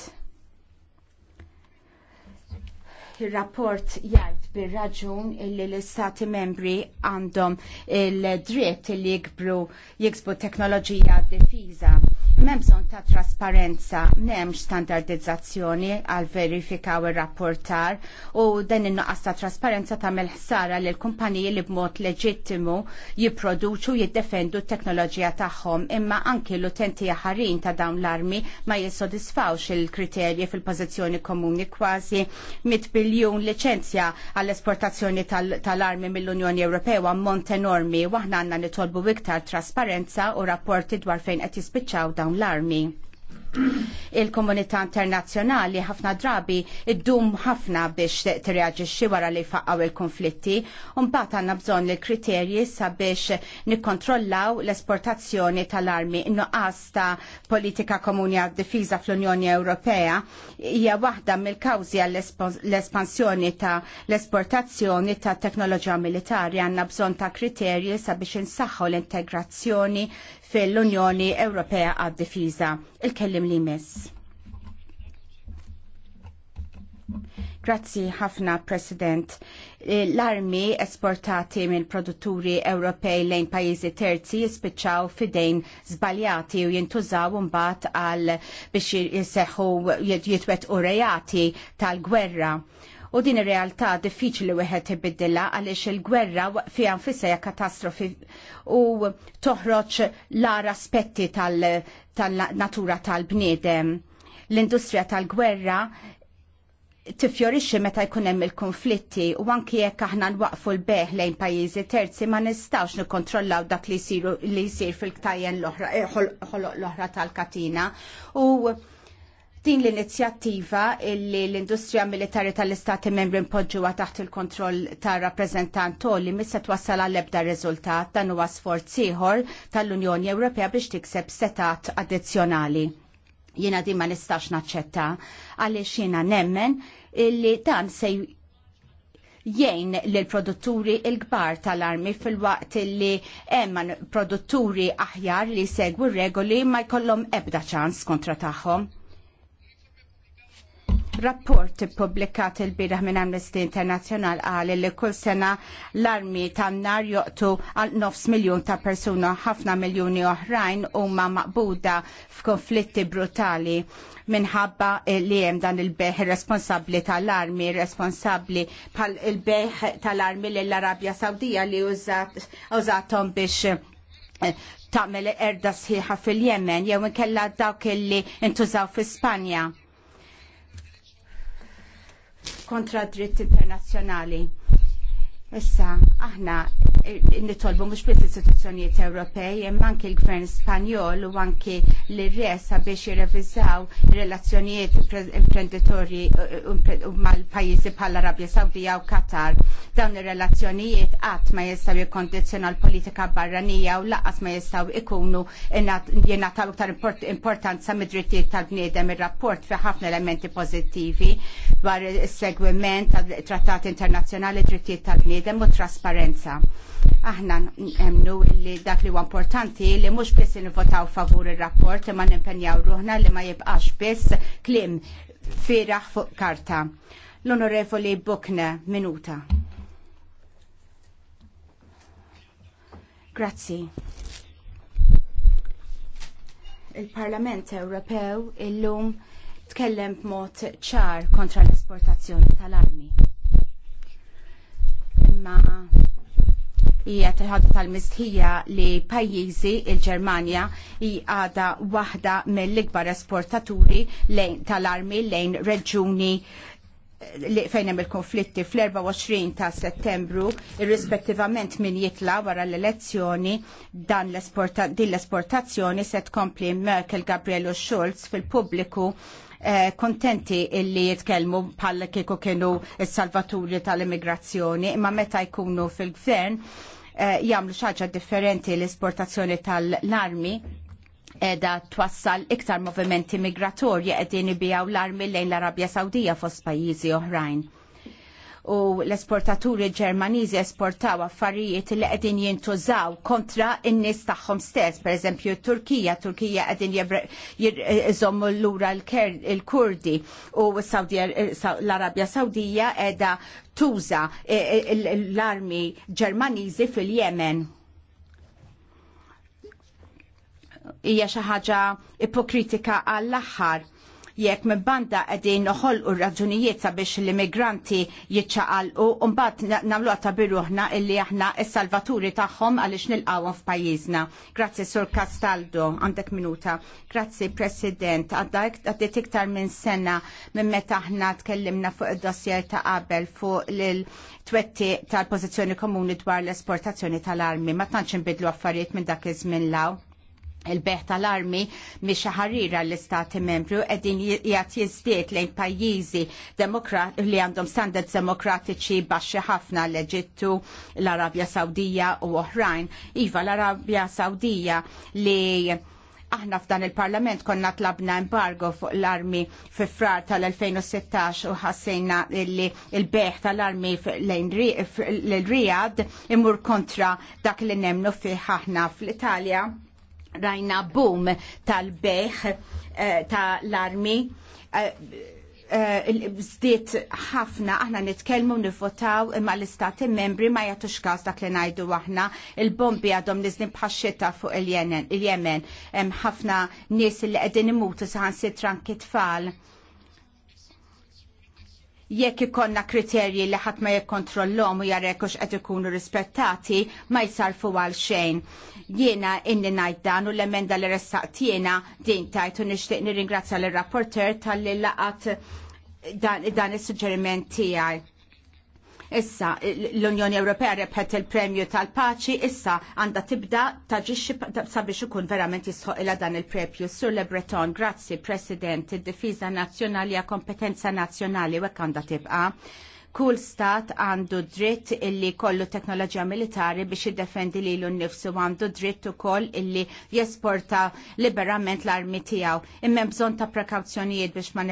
Il-rapport jgħid bir-raġun illi l-Istati membri għandhom il-dritt li jikbru jiksbu teknoloġija difiża Memson ta' trasparenza, mem standardizzazzjoni għal verifika u rapportar u dan il-nuqqas ta' trasparenza ta' melħsara li l kumpaniji li b'mod leġittimu jiproduċu jiddefendu t-teknoloġija tagħhom imma anki l-utenti ħarin ta' dawn l-armi ma jissodisfawx il-kriterji fil-pożizzjoni komuni kważi 100 biljun licenzja għall-esportazzjoni tal-armi mill-Unjoni Ewropea ammont enormi waħna għandna nitolbu iktar trasparenza u rapporti dwar fejn qed jispiċċaw dawn dawn l-armi il-komunità internazzjonali ħafna drabi iddum ħafna biex tirreaġixxi wara li faqgħu il-konflitti, u mbagħad għandna bżonn li kriterji sabiex nikkontrollaw l-esportazzjoni tal-armi innuqqas ta' politika komuni għad difiża fl-Unjoni Ewropea hija waħda mill-kawżi għall-espansjoni ta' l-esportazzjoni ta' teknoloġija militari għandna bżonn ta' kriterji sabiex insaħħu l-integrazzjoni fil-Unjoni Ewropea għad-Difiża. Il-kellim li miss. Grazzi ħafna, President. L-armi esportati mill produtturi Ewropej lejn pajjiżi terzi jispiċċaw fidejn zbaljati u jintużaw mbagħad għal biex jiseħħu jitwet u rejati tal-gwerra U din ir-realtà diffiċli wieħed ibiddilha għaliex il-gwerra fiha nfisha katastrofi u toħroġ l-ar aspetti tal-natura tal tal-bniedem. L-industrija tal-gwerra tifjorixxi meta jkun hemm il-konflitti u anki jekk aħna nwaqfu l-beħ lejn pajjiżi terzi ma nistgħux nikkontrollaw dak li jsiru li jsir fil-ktajjen l-oħra eh, l-oħra tal-katina u din l-inizjattiva illi l-industrija militari tal-istati membri mpoġġuwa taħt il-kontroll ta' rappresentant li missa twassal għall-ebda riżultat dan huwa sforz ieħor tal-Unjoni Ewropea biex tikseb setat addizzjonali. Jiena din ma nistax naċċetta għaliex jiena nemmen illi dan se jgħin lill produtturi il-kbar tal-armi fil-waqt li hemm produtturi aħjar li segwu regoli ma jkollhom ebda ċans kontra tagħhom. Rapport publikat il-biraħ minn Amnesty International għal li kull sena l-armi tan-nar joqtu għal nofs miljun ta' persuna ħafna miljuni oħrajn huma maqbuda f'konflitti brutali minħabba li hemm dan il-beħ responsabli tal-armi responsabbli pal il-beħ tal-armi lill-Arabja Sawdija li użatom biex eh, tagħmel erda sħiħa fil-Yemen jew inkella dawk illi intużaw fl Spanja kontra dritt internazzjonali. Issa, aħna eh, nitolbu mhux bis istituzzjonijiet Ewropej, imma anki l-Gvern Spanjol u anki l-resa biex ir relazzjonijiet imprenditorji eh, mal-pajjiżi bħall Arabja Sawdija u Qatar. Dawn ir-relazzjonijiet qatt ma jistgħu jikkondizzjonaw l-politika barranija u laqas ma jistgħu ikunu jingħataw iktar importanza mid-drittijiet tal-bniedem ir-rapport fi ħafna elementi pożittivi dwar is-segwiment tat-trattat internazzjonali drittijiet tal-bniedem hemm u trasparenza. Aħna nemnu li dak li huwa importanti li mhux biss nivvotaw favur ir-rapport imma nimpenjaw ruħna li ma jibqax biss klim firaħ fuq karta. L-Onorevoli Bukne, minuta. Grazzi. Il-Parlament Ewropew illum tkellem b'mod ċar kontra l-esportazzjoni tal-armi imma hija teħodha tal-mistħija li pajjiżi il-Ġermanja għada waħda mill-ikbar esportaturi tal-armi lejn reġuni li fejn hemm il-konflitti fl-24 ta' Settembru irrispettivament min jitla wara l-elezzjoni dan din l-esportazzjoni se tkompli Merkel Gabriello Schulz fil-pubbliku Eh, kontenti illi jitkellmu bħal kieku kienu s-salvaturi tal-immigrazzjoni, imma meta jkunu fil-gvern eh, jagħmlu xaġa differenti l-esportazzjoni tal-armi edha twassal iktar movimenti migratorji qegħdin ibijaw l-armi lejn l-Arabja Sawdija fost pajjiżi oħrajn u l-esportaturi ġermaniżi esportaw affarijiet li qegħdin jintużaw kontra n nies tagħhom stess, pereżempju Turkija, Turkija qegħdin jiżommu lura l-Kurdi u eh, l-Arabja Sawdija qiegħda tuża eh, eh, l-armi ġermaniżi fil-Yemen. hija xi ħaġa ipokritika għall-aħħar jekk minn banda qegħdin noħolqu raġunijiet sabiex l-immigranti jiċċaqalqu u mbagħad nagħmlu ta' biruħna illi aħna s-salvaturi tagħhom għaliex nilqgħuhom f'pajjiżna. Grazzi Sur Castaldo, għandek minuta. Grazzi President, għaddejt iktar minn sena minn meta aħna tkellimna fuq id-dossier ta' qabel fuq l-twetti tal-pożizzjoni komuni dwar l-esportazzjoni tal-armi. Ma tantx inbidlu affarijiet minn dak iż-żmien law il-beħ tal-armi mi xaħarira l-istati membru edin jgħat jizdiet lejn pajjiżi li għandhom standards demokratiċi baxxi ħafna l-Eġittu, l-Arabja Sawdija u oħrajn. Iva l-Arabja Sawdija li aħna f'dan il-parlament konna tlabna embargo fuq l-armi fi frar tal-2016 u ħassejna li il-beħ tal-armi l-Rijad imur kontra dak li nemnu fiħ aħna fl-Italja rajna boom tal-beħ eh, tal-armi eh, eh, zdiet ħafna aħna nitkellmu nifotaw imma l-istati membri ma jagħtux każ dak li ngħidu aħna il-bombi għadhom niżlim bħaxxita fuq il-Yemen hemm ħafna nies li qegħdin imutu saħansitra anki tfal jekk ikonna kriterji li ħadd ma jikkontrollhom u jarekux qed ikunu rispettati ma jsarfu għal xejn. Jiena inni ngħid dan u l-emenda li ressaqtiena din tajt u nixtieq nirringrazzja l-rapporter tal-li laqat dan, dan is-suġġeriment tiegħi Issa l-Unjoni Ewropea rebħet il-premju tal-paċi, issa għanda tibda taġiċi sabiex ikun verament jisħoq ila dan il-premju. Sur Le Breton, grazzi President, il difiża nazzjonali kompetenza nazzjonali wek għanda tibqa kull stat għandu dritt illi kollu teknoloġija militari biex jiddefendi li l-nifsu għandu dritt ukoll illi jesporta liberament l-armi tiegħu. Imma bżonn ta' prekawzjonijiet biex ma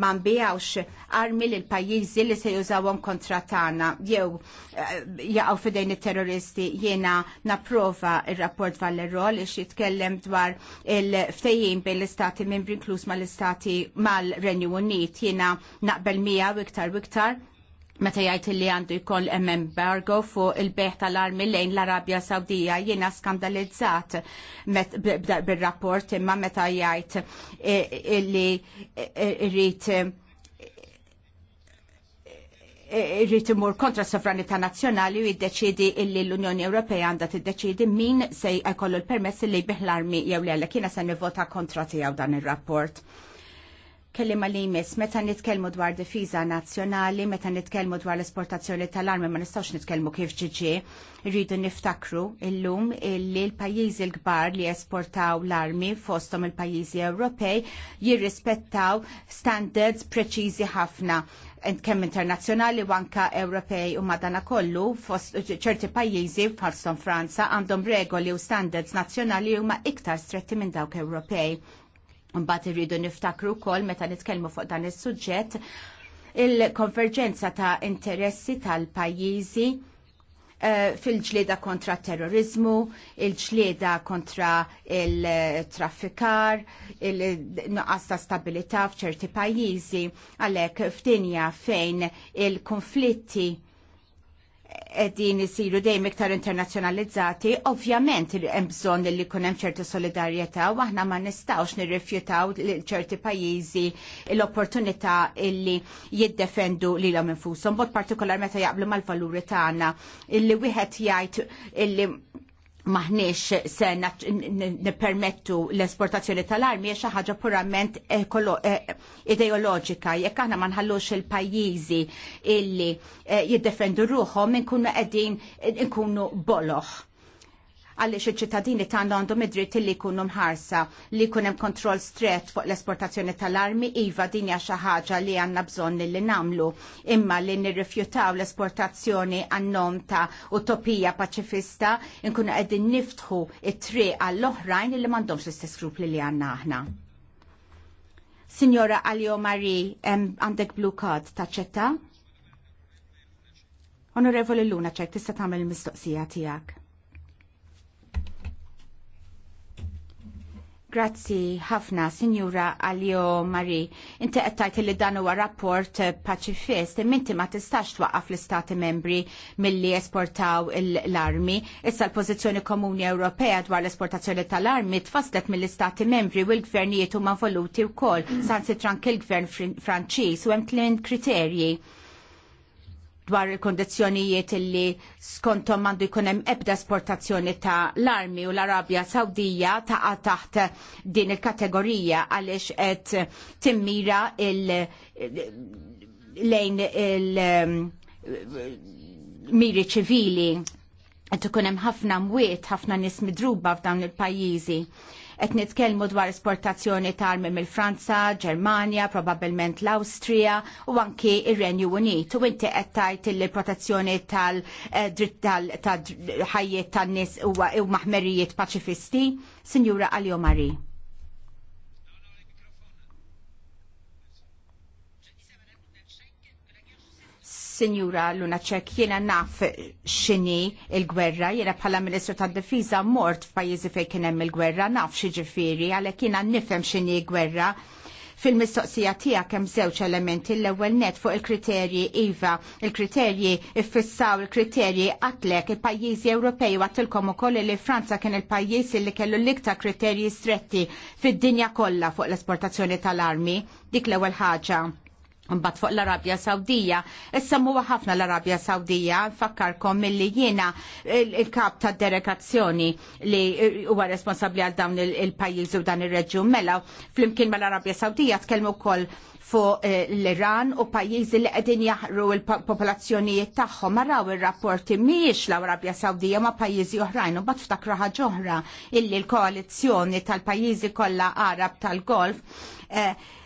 ma bijawx armi l pajjiżi li se jużawhom kontra tagħna jew eh, jaqgħu fidejn it-terroristi jiena napprova il rapport Valero li jitkellem dwar il ftejjim bejn l-istati membri inkluż mal-istati mal-Renju Unit jiena naqbel miegħu iktar u iktar meta jgħid li għandu jkoll hemm embargo fuq il-beħ tal-armi lejn l-Arabja Sawdija jiena skandalizzat bir-rapport imma meta jgħid e- e- li e- rrit irrit imur kontra s-sovranità nazzjonali u jiddeċidi illi l-Unjoni Ewropea għandha tiddeċidi min se jkollu l-permess li jbih l-armi jew li għalek jiena se nivvota kontra tiegħu dan ir-rapport. Kellim li jmiss, meta nitkellmu dwar difiza nazzjonali, meta nitkellmu dwar l-esportazzjoni tal-armi, ma nistgħux nitkellmu kif ġiġi, rridu niftakru illum illi l-pajjiżi l-kbar li esportaw l-armi fosthom il-pajjiżi Ewropej jirrispettaw standards preċiżi ħafna kemm internazzjonali u anka Ewropej u madana kollu fost ċerti pajjiżi fostom Franza għandhom regoli u standards nazzjonali huma iktar stretti minn dawk Ewropej Mbagħad irridu niftakru wkoll meta nitkellmu fuq dan is-suġġett il-konverġenza ta' interessi tal-pajjiżi eh, fil-ġlieda kontra terrorizmu, il-ġlieda kontra il-traffikar, il-nuqqas ta' stabilità f'ċerti pajjiżi, għalhekk f'dinja fejn il-konflitti edin jisiru dejjem iktar internazzjonalizzati, ovvjament hemm bżonn li jkun hemm ċerta solidarjetà u aħna ma nistgħux nirrifjutaw lil ċerti pajjiżi l-opportunità li jiddefendu lilhom infushom, bod partikolar meta jaqblu mal-valuri tagħna illi wieħed jgħid illi maħniex se nipermettu l-esportazzjoni tal-armi hija xi ħaġa purament e- ideoloġika jekk aħna ma nħallux il-pajjiżi illi e, jiddefendu ruħhom inkunu qegħdin inkunu boloħ għaliex iċ-ċittadini tagħna għandhom id-dritt li jkunu mħarsa li jkun hemm kontroll strett fuq l-esportazzjoni tal-armi iva din hija xi ħaġa li għandna bżonn li nagħmlu imma li nirrifjutaw l-esportazzjoni għannom ta' utopija paċifista nkunu qegħdin niftħu it-triq għall-oħrajn li m'għandhomx l-istess skrupli li għandna aħna. Signora Alio Mari, għandek blue card ċetta. Onorevoli Luna ċek, tista' tagħmel il-mistoqsija tiegħek. Grazzi ħafna, Sinjura Alio Mari. Inti qed tgħid li dan huwa rapport paċifist, minti ma tistax twaqqaf l-Istati membri milli esportaw l-armi. Issa l-pożizzjoni komuni Ewropea dwar l-esportazzjoni tal-armi tfasslet mill-Istati membri u l-gvernijiet huma voluti wkoll, sansi trank il-gvern Franċiż u hemm tliet kriterji dwar il-kondizjonijiet illi skontom mandu jkunem ebda esportazzjoni ta' l-armi u l-Arabja Sawdija ta' taħt din il-kategorija għalix qed timmira il lejn il miri ċivili qed ikun hemm ħafna mwiet, ħafna nis midruba f'dawn il-pajjiżi qed nitkellmu dwar esportazzjoni ta' armi mill-Franza, Ġermanja, probabbilment l-Awstrija u anki ir-Renju Unit. U inti qed tajt li protezzjoni tal-dritt eh, tal-ħajjiet tan-nies u maħmerijiet paċifisti, Sinjura Aljomari. Mari. Sinjura Luna Ċek, jiena naf x'inhi l gwerra jiena bħala Ministru tad-Difiża mort f'pajjiżi fejn kien hemm il-gwerra, naf xi ġifieri, għalhekk jiena nifhem x'inhi gwerra. Fil-mistoqsija tiegħek hemm żewġ elementi l-ewwel net fuq il-kriterji iva, il-kriterji iffissaw il-kriterji għatlek il-pajjiżi Ewropej għatilkom ukoll li Franza kien il-pajjiż li kellu l-iktar kriterji stretti fid-dinja kollha fuq l-esportazzjoni tal-armi, dik l-ewwel ħaġa Mbatt fuq l-Arabja Sawdija, issa muwa ħafna l-Arabja Sawdija, fakkarkom milli jiena il-kap ta' delegazzjoni li huwa responsabli għal dawn il-pajjiżi u dan ir-reġjun mela, flimkien mal-Arabja Sawdija tkellmu wkoll fuq eh, l-Iran u pajjiżi li qegħdin jaħru l-popolazzjonijiet tagħhom maraw ir-rapporti mhijiex l-Arabja Sawdija ma' pajjiżi oħrajn u bad ftakra ħaġa oħra illi l-koalizzjoni tal-pajjiżi kollha Arab tal-Golf eh,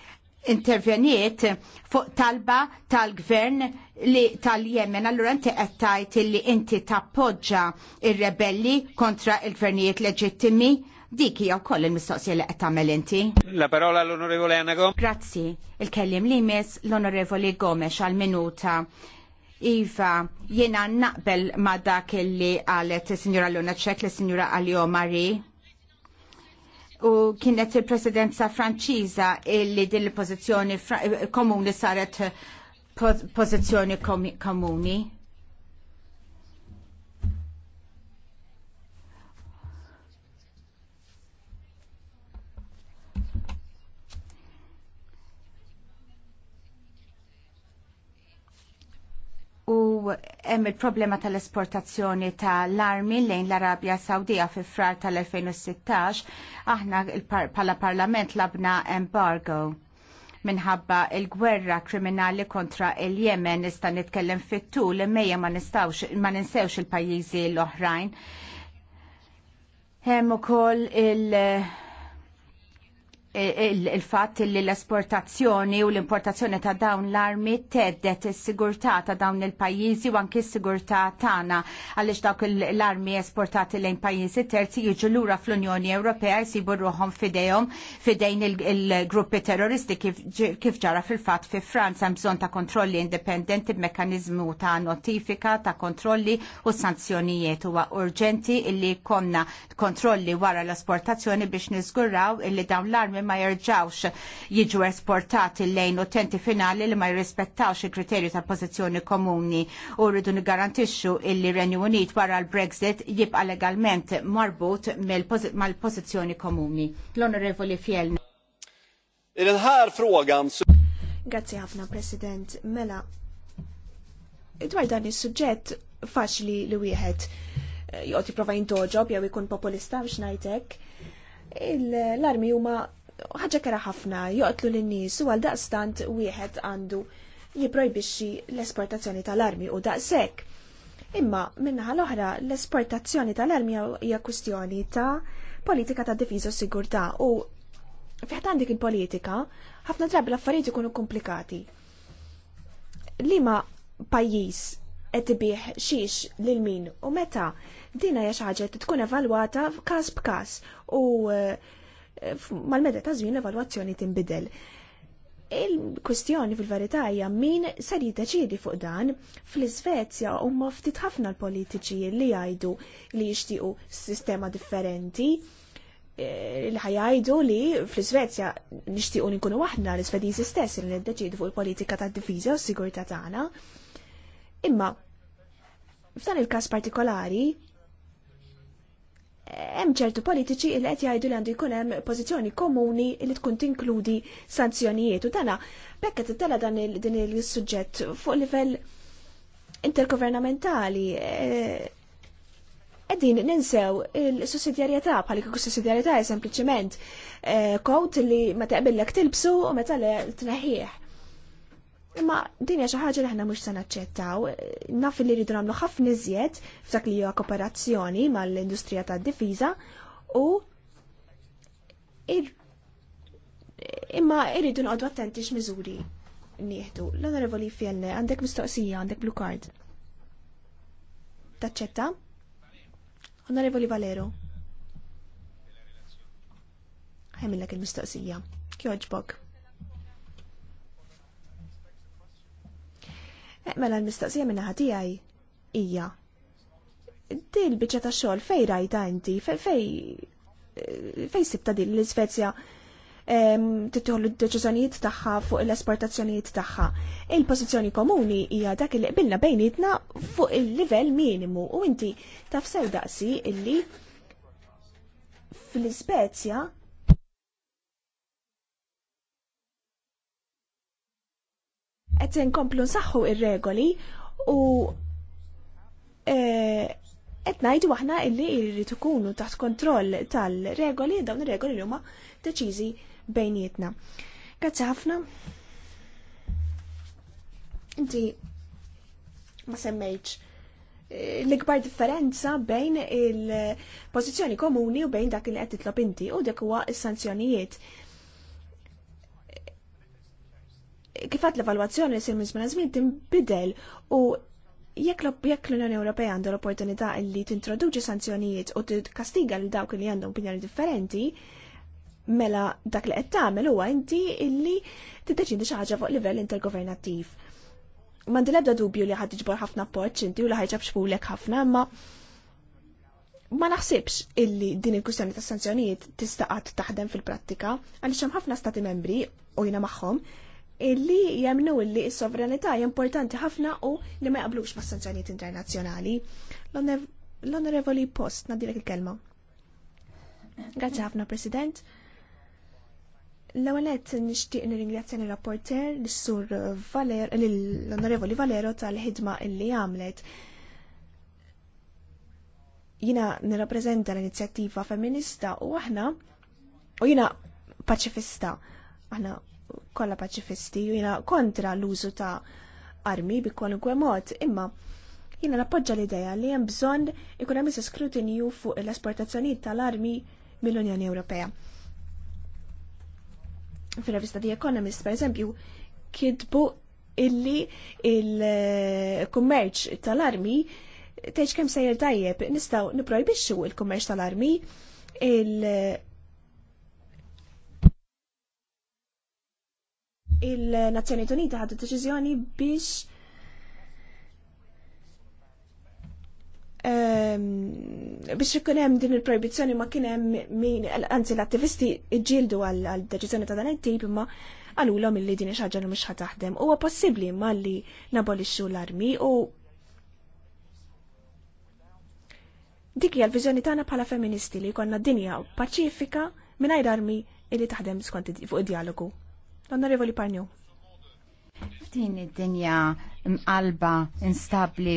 interveniet fuq talba tal-gvern li tal-Jemen. Allura inti qed tgħid li inti tappoġġa ir-rebelli kontra il-gvernijiet leġittimi. Dik hija wkoll il-mistoqsija li qed tagħmel inti. La parola l-Onorevole Anna Gomes. Grazzi. Il-kellim li miss l-Onorevoli Gomes għal minuta. Iva, jiena naqbel ma dak li għalet il-Sinjura Luna Ċek, il-Sinjura Alio Mari u kienet il-presidenza franċiża illi din il-pożizzjoni komuni saret pożizzjoni komuni. hemm il-problema tal-esportazzjoni tal-armi lejn l-Arabja Sawdija fi frar tal-2016, aħna pala parlament labna embargo minħabba il-gwerra kriminali kontra il-Jemen nista' nitkellem fit-tul imejja ma nistawx ma ninsewx il-pajjiżi l-oħrajn. Hemm ukoll il-, -il il-fatt li l-esportazzjoni u l-importazzjoni ta' dawn l-armi teddet is-sigurtà ta' dawn il-pajjiżi u anke s-sigurtà tagħna għaliex dawk l-armi esportati lejn pajjiżi terzi jiġu lura fl-Unjoni Ewropea jsibu ruħhom fidejhom fidejn il-gruppi terroristi kif ġara fil-fatt fi Franza hemm bżonn ta' kontrolli indipendenti b'mekkaniżmu ta' notifika ta' kontrolli u sanzjonijiet huwa urġenti illi konna kontrolli wara l-esportazzjoni biex niżguraw illi dawn l-armi ma jirġawx jiġu esportati lejn utenti finali li ma jirrispettawx il-kriterju tal-pożizzjoni komuni u rridu nigarantixxu illi Renju Unit wara l-Brexit jibqa' legalment marbut mal-pożizzjoni komuni. L-Onorevoli Fjellner. Il-ħar frågan Grazie ħafna President. Mela, dwar dan is-suġġett faċli li wieħed eh, joqgħod jipprova jintoġob jew ikun populista biex ngħidlek. L-armi huma ħaġa kera ħafna joqtlu lin-nies u għal daqstant wieħed għandu jipprojbixxi l-esportazzjoni tal-armi u daqshekk. Imma minnaħa l-oħra l-esportazzjoni tal-armi hija kwistjoni ta' politika ta' difiża u sigurtà u fiħt għandik il-politika ħafna drabi l-affarijiet ikunu komplikati. Lima pajjiż qed ibih xiex lil min u meta dina hija xi ħaġa tkun evalwata każ b'każ u mal-meda ta' żmien l-evalwazzjoni tinbidel. il kustjoni fil-verità hija min ser jiddeċiedi fuq dan fl-Iżvezja huma ftit ħafna l-politiċi li jgħidu li jixtiequ sistema differenti eh, li ħajajdu li fl-Iżvezja nixtiequ nkunu aħna l-Iżvediżi stess li niddeċidu fuq il-politika tad-difiża u s-sigurtà tagħna. Imma f'dan il-każ partikolari hemm ċertu politiċi li qed jgħidu li għandu jkun hemm pożizzjoni komuni li tkun tinkludi sanzjonijiet u tana bekk qed tella dan din il-suġġett fuq livell intergovernamentali Eddin, eh, ninsew il-sussidjarjetà bħal kieku sussidjarjetà sempliċement eh, kod li ma teqbillek tilbsu u meta le tneħħieħ. Imma din hija xi ħaġa li aħna mhux se naċċettaw, naf li rridu nagħmlu ħafna iżjed f'dak li huwa kooperazzjoni mal-industrija tad-difiża u imma irridu nqogħdu attenti x'miżuri nieħdu. L-Onorevoli Fjellner, għandek mistoqsija, għandek blue card. Taċċetta? Onorevoli Valero. Ħemmillek il-mistoqsija. Kjoġbok. Eh, mela l-mistaqsija minna ħatijaj ija. Dil bieċa ta' xol fej rajta inti, fej eh, fej sibta dil l-Svezja titħol l deċiżjonijiet tagħha fuq l-esportazzjonijiet tagħha. Il-pożizzjoni komuni hija dak li qbilna bejnietna fuq il-livell minimu u inti taf sew daqsi illi fl svezja qed inkomplu nsaħħu ir-regoli u e, qed ngħidu aħna illi jrid ikunu taħt kontroll tal-regoli dawn ir-regoli li huma deċiżi bejnietna. Grazzi ħafna. Inti ma semmejtx e, l-ikbar differenza bejn il-pożizzjoni komuni u bejn dak li qed titlob inti u dak huwa s-sanzjonijiet. kifat l evaluazzjoni li sir minn żmien żmien tinbidel u jekk jekk l-Unjoni Ewropea għandha l-opportunità li tintroduċi sanzjonijiet u tikkastiga lil dawk li għandhom opinjoni differenti, mela dak li qed tagħmel huwa inti illi tiddeċidi xi ħaġa fuq livell intergovernattiv. Mandi l-ebda dubju li ħad iġbor ħafna appoġġ inti u li ħajġab xpulek ħafna, imma ma naħsibx illi din il kustjoni ta' sanzjonijiet tista' qatt taħdem fil-prattika għaliex hemm ħafna stati membri u jina magħhom illi jemnu illi s-sovranità importanti ħafna u li ma jqablux ma' sanzjonijiet internazzjonali. L-Onorevoli Post, nadilek il-kelma. Grazie ħafna, President. L-għalet nishtiq nir-ingrazzjani rapporter l-sur l-Onorevoli Valero tal-ħidma illi għamlet. Jina nirrapprezenta l-inizjattiva femminista u aħna u jina paċifista. Aħna kollha paċifisti u kontra l-użu ta' armi bi kwalunkwe mod, imma jiena nappoġġa l-idea li hemm bżonn ikun hemm skrutinju fuq l-esportazzjonijiet tal-armi mill-Unjoni Ewropea. Fir-revista The Economist, pereżempju, kidbu illi il-kummerċ tal-armi teċ kem sejr tajjeb nistaw niprojbixxu il-kummerċ tal-armi il- il-Nazzjoni Unita ħadu deċiżjoni biex ehm, biex ikun hemm din il-proibizzjoni ma kien hemm min anzi l-attivisti ġildu għal deċiżjoni ta' dan it-tip imma għalulhom illi din xaġa li mhux taħdem. Huwa possibbli imma li nabolixxu l-armi u dik hija l-viżjoni tagħna bħala feministi li jkollna dinja paċifika mingħajr armi illi taħdem skont fuq id-dialogu. Onorevoli Parnju. F'din id-dinja mqalba, instabli,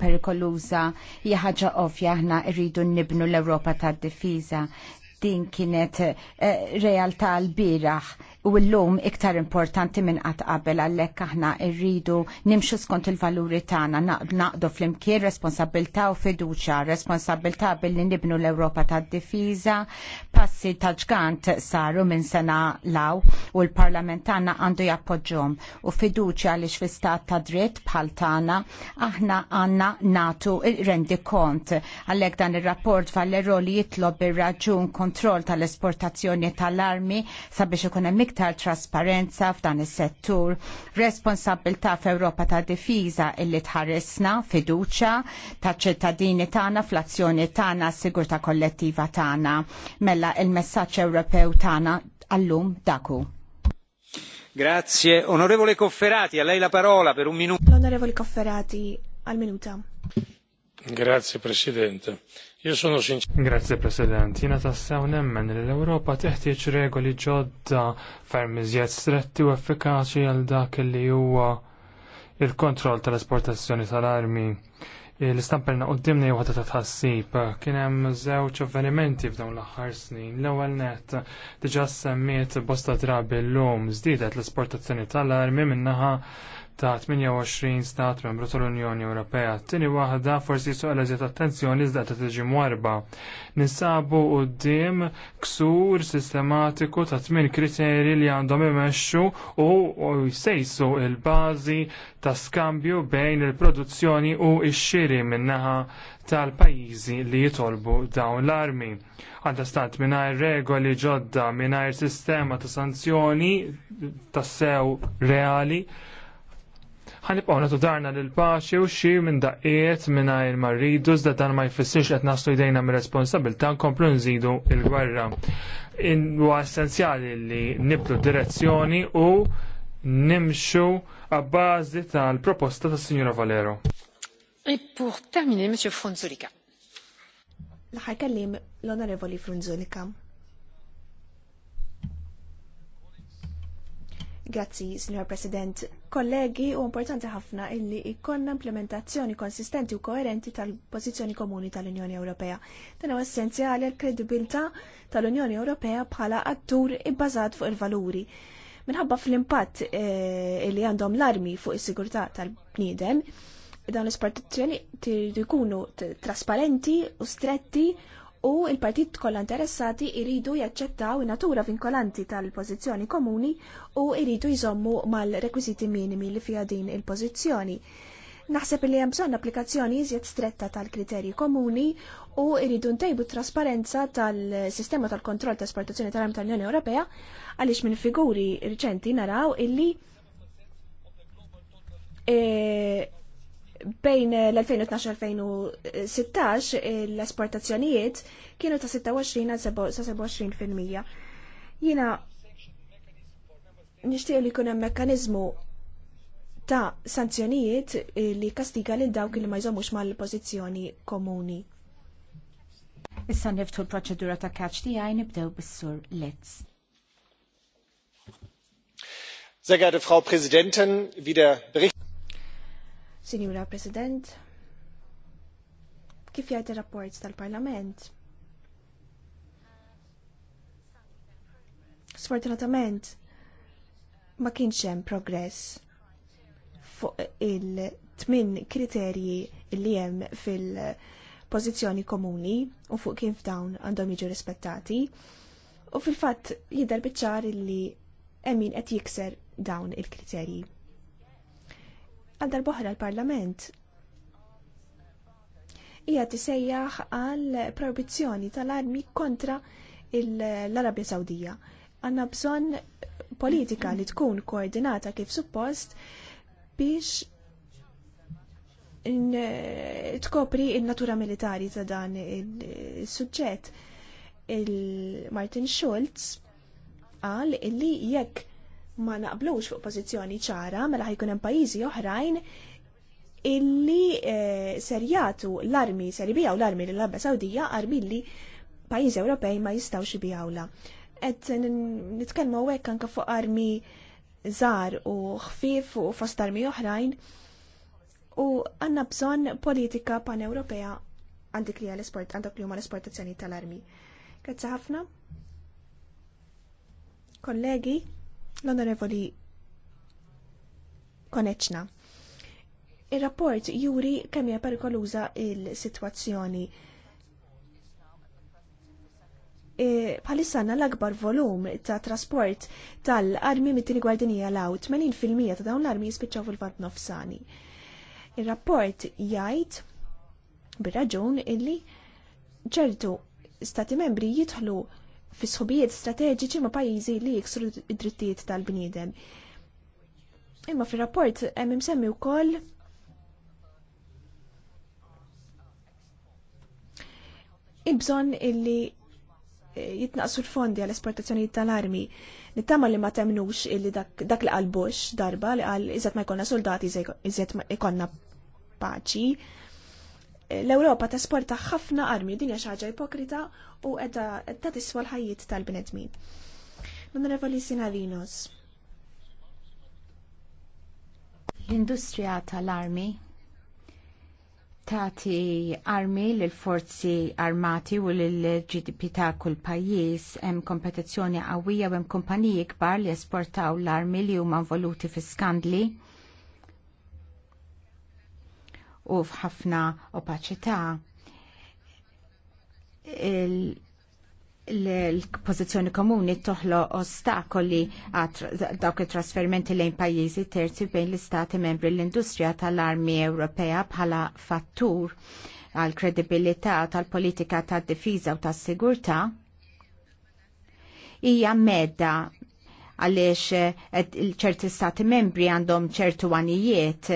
perikoluża, hija ħaġa ovvja aħna rridu nibnu l-Ewropa tad-difiża. Din kienet eh, realtà l-bieraħ u l-lum iktar importanti minn qatt qabel għallek aħna irridu nimxu skont il-valuri tagħna naqdu flimkien responsabilità u fiduċa, responsabilità billi nibnu l-Ewropa tad-difiża, passi ta' ġgant saru minn sena law u l-Parlament tagħna għandu jappoġġhom u fiduċja li fl-istat ta' dritt bħal tagħna aħna għandna natu rendi kont għallek dan ir-rapport Valero li jitlob ir-raġun kontroll tal-esportazzjoni tal-armi sabiex ikun hemm iktar trasparenza f'dan is-settur, responsabilità f'Ewropa ta' difiża illi tħaresna fiduċja ta' ċittadini tagħna fl-azzjoni tagħna s-sigurtà kollettiva tagħna. Mela il-messaġġ Ewropew tagħna għallum daku. Grazie. Onorevole Cofferati, a lei la parola per un minuto. onorevole Cofferati, al minuta. Grazie Presidente. President. Jina tassew nemmen li l-Europa teħtieġ regoli ġodda ferm iżjed stretti u effikaċi għal dak li huwa il-kontroll tal-esportazzjoni tal-armi. L-istampelna qoddimni jew ħadd tħassib. Kien hemm żewġ avvenimenti f'dawn l-aħħar snin. L-ewwel net diġà semmiet bosta drabi llum żdiedet l-esportazzjoni tal-armi minnaħa ta' 28 stat membru tal-Unjoni Ewropea. Tini waħda forsi suqla eżiet attenzjoni iżda ta' tiġi mwarba. Ninsabu quddiem ksur sistematiku ta' tmien kriterji li għandhom imexxu u jsejsu il-bażi ta' skambju bejn il-produzzjoni u x-xiri min-naħa tal-pajjiżi li jitolbu dawn l-armi. Għadda stat mingħajr regoli ġodda mingħajr sistema ta' sanzjoni tas sew reali ħanibqgħu nagħtu darna l paċi u xi minn daqqiet mingħajr marridu, rridu iżda dan ma jfissirx qed naslu jdejna mir responsabilta nkomplu nżidu l-gwerra. Huwa essenzjali li nibdu direzzjoni u nimxu għabbażi tal-proposta tas-Sinjura Valero. E pur terminer, Monsieur Frunzulika. L-ħar kellim l-Onorevoli Frunzulika. Grazzi, Signor President. Kollegi, u importanti ħafna illi ikkonna implementazzjoni konsistenti u koerenti tal-pozizjoni komuni tal-Unjoni Ewropea. Dan huwa essenzjali l kredibilità tal-Unjoni Ewropea bħala attur ibbażat fuq il-valuri. Minħabba fl-impatt eh, illi għandhom l-armi fuq is-sigurtà tal-bniedem, Dan l-isportazzjoni jkunu trasparenti u stretti u il-partit kollha interessati jridu jaċċettaw in-natura vinkolanti tal-pożizzjoni komuni u jridu jżommu mal-rekwiżiti minimi li fiha din il-pożizzjoni. Naħseb li hemm bżonn applikazzjoni iżjed stretta tal-kriterji komuni u jridu ntejbu trasparenza tal-sistema tal-kontroll ta' esportazzjoni tal-arm tal-Unjoni Ewropea għaliex minn figuri riċenti naraw illi eh, bejn l-2012-2016 l-esportazzjonijiet kienu ta' 26 27%. Jina nishtiq li kunem hemm ta' sanzjonijiet li kastiga lil dawk li ma jżommux mal pozizjoni komuni. Issa niftu l-proċedura ta' kaċ tiegħi nibdew bis-sur Letz. Sehr geehrte Frau Präsidentin, wie der Bericht Sinjura President, kif jgħid ir-rapport tal-Parlament? Sfortunatament, ma kienx hemm progress fuq il-tmin kriterji li hemm fil-pożizzjoni komuni u fuq kif dawn għandhom jiġu rispettati. U fil-fatt jidher biċ-ċar li hemm min qed jikser dawn il-kriterji għal darbohra l-Parlament hija tisejjaħ għal proibizzjoni tal-armi kontra l-Arabja Sawdija. Għanna bżonn politika li tkun koordinata kif suppost biex tkopri il-natura militari ta' dan il-suġġett. Il-Martin Schulz għal li jekk ma naqblux fuq pożizzjoni ċara mela ħajkun hemm pajjiżi oħrajn illi e, ser jagħtu l-armi ser jbijaw l-armi lill arabja Sawdija armi li pajjiżi Ewropej ma jistgħux jibijawla. Qed nitkellmu hekk anke fuq armi żgħar u ħfief u fost armi oħrajn u għandna bżonn politika pan għandik li għal-esport għandak li huma l-esportazzjoni tal-armi. Grazzi ħafna. Kollegi, l-Onorevoli Koneċna. Ir-rapport juri kemm hija perikoluża il-sitwazzjoni. E, bħalissa l-akbar volum ta' trasport tal-armi mit tini gwardinija law 80% ta' dawn l-armi jispiċċaw fil-vant nofsani. Ir-rapport jgħid bir-raġun illi ċertu stati membri jidħlu fi sħubijiet strateġiċi ma' pajjiżi li jiksru id-drittijiet tal-bniedem. Imma fir-rapport hemm imsemmi wkoll il-bżonn illi eh, jitnaqsu l-fondi għall-esportazzjoni tal-armi. Nittama li ma temnux illi dak, dak li għal Bush darba li għal iżet ma jkonna soldati iżet ma jkonna paċi l-Ewropa tasporta ħafna armi din hija xi ħaġa ipokrita u qiegħda tiswa l-ħajjiet tal-bnedmin. Onorevoli Sinalinos. L-industrija tal-armi tati armi l forzi armati u l GDP ta' kull pajjiż hemm kompetizzjoni qawwija u hemm kumpaniji kbar li esportaw l-armi li huma involuti fi skandli u f'ħafna opaċità l-pozizjoni komuni toħlo ostakoli dawk il-trasferimenti lejn pajjiżi terzi bejn l-istati membri l-industrija tal-armi Ewropea bħala fattur għal kredibilità tal-politika tad-difiża u tas-sigurtà hija medda għaliex eh, ċerti stati membri għandhom ċertu għanijiet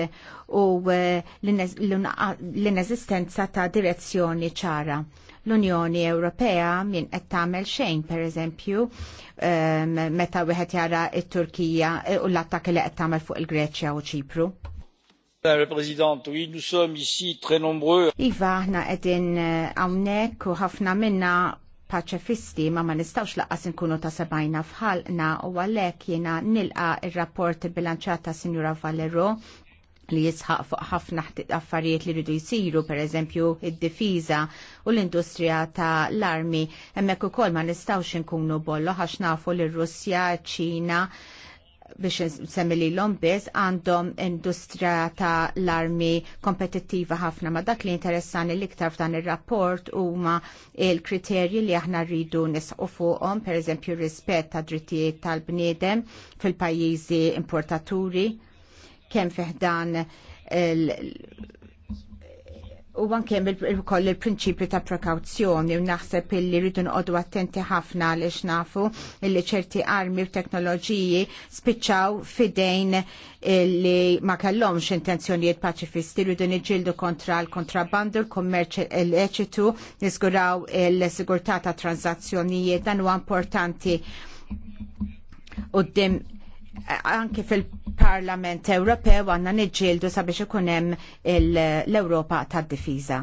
u eh, l-ineżistenza ta' direzzjoni ċara. L-Unjoni Ewropea min qed tagħmel xejn, pereżempju, ehm, meta wieħed jara t-Turkija eh, u l attak li qed tagħmel fuq il-Greċja u Ċipru. Madame la Présidente, oui, nous sommes ici très nombreux. Iva, aħna qegħdin hawnhekk u ħafna minna paċefisti ma ma nistawx laqas nkunu ta' sebajna fħalqna u għalhekk jiena nilqa il rapport bilanċata Sinjura Valero li jisħaq fuq ħafna affarijiet li rridu jisiru, per eżempju, id-difiża u l-industrija ta' l-armi. Hemmhekk ukoll ma nistgħux inkunu bollo għax nafu li r Russja, Ċina, biex semmi li l-om biz għandhom industrija ta' l-armi kompetittiva ħafna ma dak li interessani l-iktar f'dan il-rapport huma il-kriterji li aħna rridu nisqu fuqhom, per eżempju rispett ta' drittijiet tal-bniedem fil-pajjiżi importaturi kemm fiħdan u anke il-koll il-prinċipju ta' prekawzjoni u naħseb illi rridu noqogħdu attenti ħafna għaliex nafu illi ċerti armi u teknoloġiji spiċċaw fidejn li ma kellhomx intenzjonijiet paċifisti rridu niġġieldu kontra l-kontrabbandu, l-kummerċ l-eċitu, niżguraw il-sigurtà ta' tranzazzjonijiet dan huwa importanti u Eh, anke fil-Parlament Ewropew għandna niġġieldu sabiex ikun hemm l-Ewropa tad-difiża.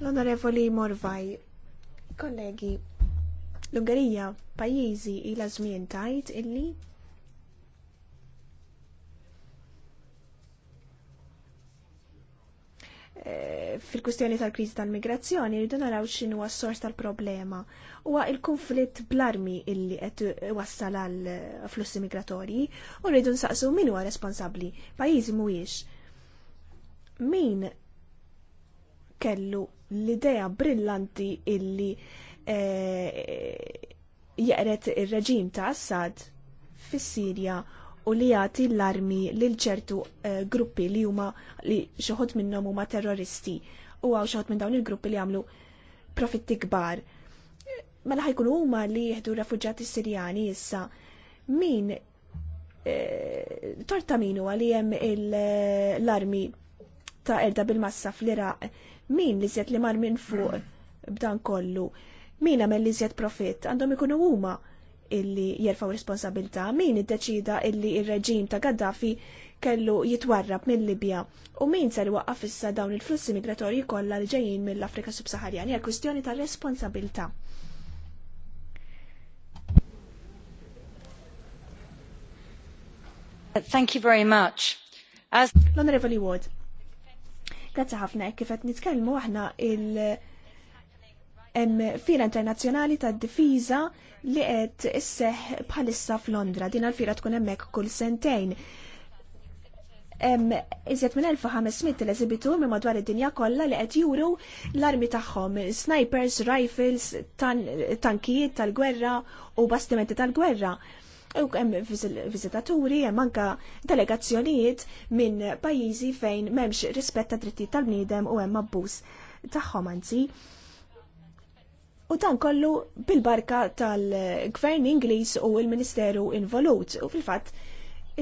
L-Onorevoli Morvaj, kollegi, l-Ungerija pajjiżi ila żmien tajt illi Eh, fil-kustjoni tal-kriżi tal-migrazzjoni rridu naraw x'inhu s-sors tal-problema. Huwa il-konflitt bl-armi illi qed wassal għal flussi migratorji u rridu nsaqsu min huwa responsabbli, pajjiżi mhuwiex. Min kellu l-idea brillanti illi eh, jeqret ir-reġim ta' Assad fis-Sirja u li jagħti l-armi lil ċertu eh, gruppi li huma li xi ħodd minnhom huma terroristi u għaw xi minn dawn il-gruppi li jagħmlu profitti kbar. Mela ħajkunu huma li jieħdu refuġjati Sirjani issa min eh, torta min huwa li hemm eh, l-armi ta' erda bil-massa fl-Iraq, min li zjed li mar minn fuq b'dan kollu, min għamel li zjed profitt, għandhom ikunu huma illi jerfaw responsabilta min iddeċida illi il reġim ta' Gaddafi kellu jitwarrab minn Libja u min ser waqqaf issa dawn il-flussi migratorji kollha li ġejjin mill-Afrika Subsaharjani għal kwistjoni ta' responsabilta. Thank you very much. As... L-Onorevoli Ward, grazzi ħafna kif qed nitkellmu aħna il- hemm fira internazzjonali tad-difiża li qed isseħ bħalissa f'Londra. Din għal-fira tkun hemmhekk kull sentejn. Hemm iżjed minn 1500 l eżibitu minn madwar id-dinja kollha li qed juru l-armi tagħhom, snipers, rifles, tankijiet tal-gwerra u bastimenti tal-gwerra. U hemm viżitaturi, hemm anke delegazzjonijiet minn pajjiżi fejn m'hemmx rispett ta' drittijiet tal-bniedem u hemm abbuż tagħhom anzi. U dan kollu bil-barka tal-Gvern Ingliż u l-Ministeru involut. U fil-fatt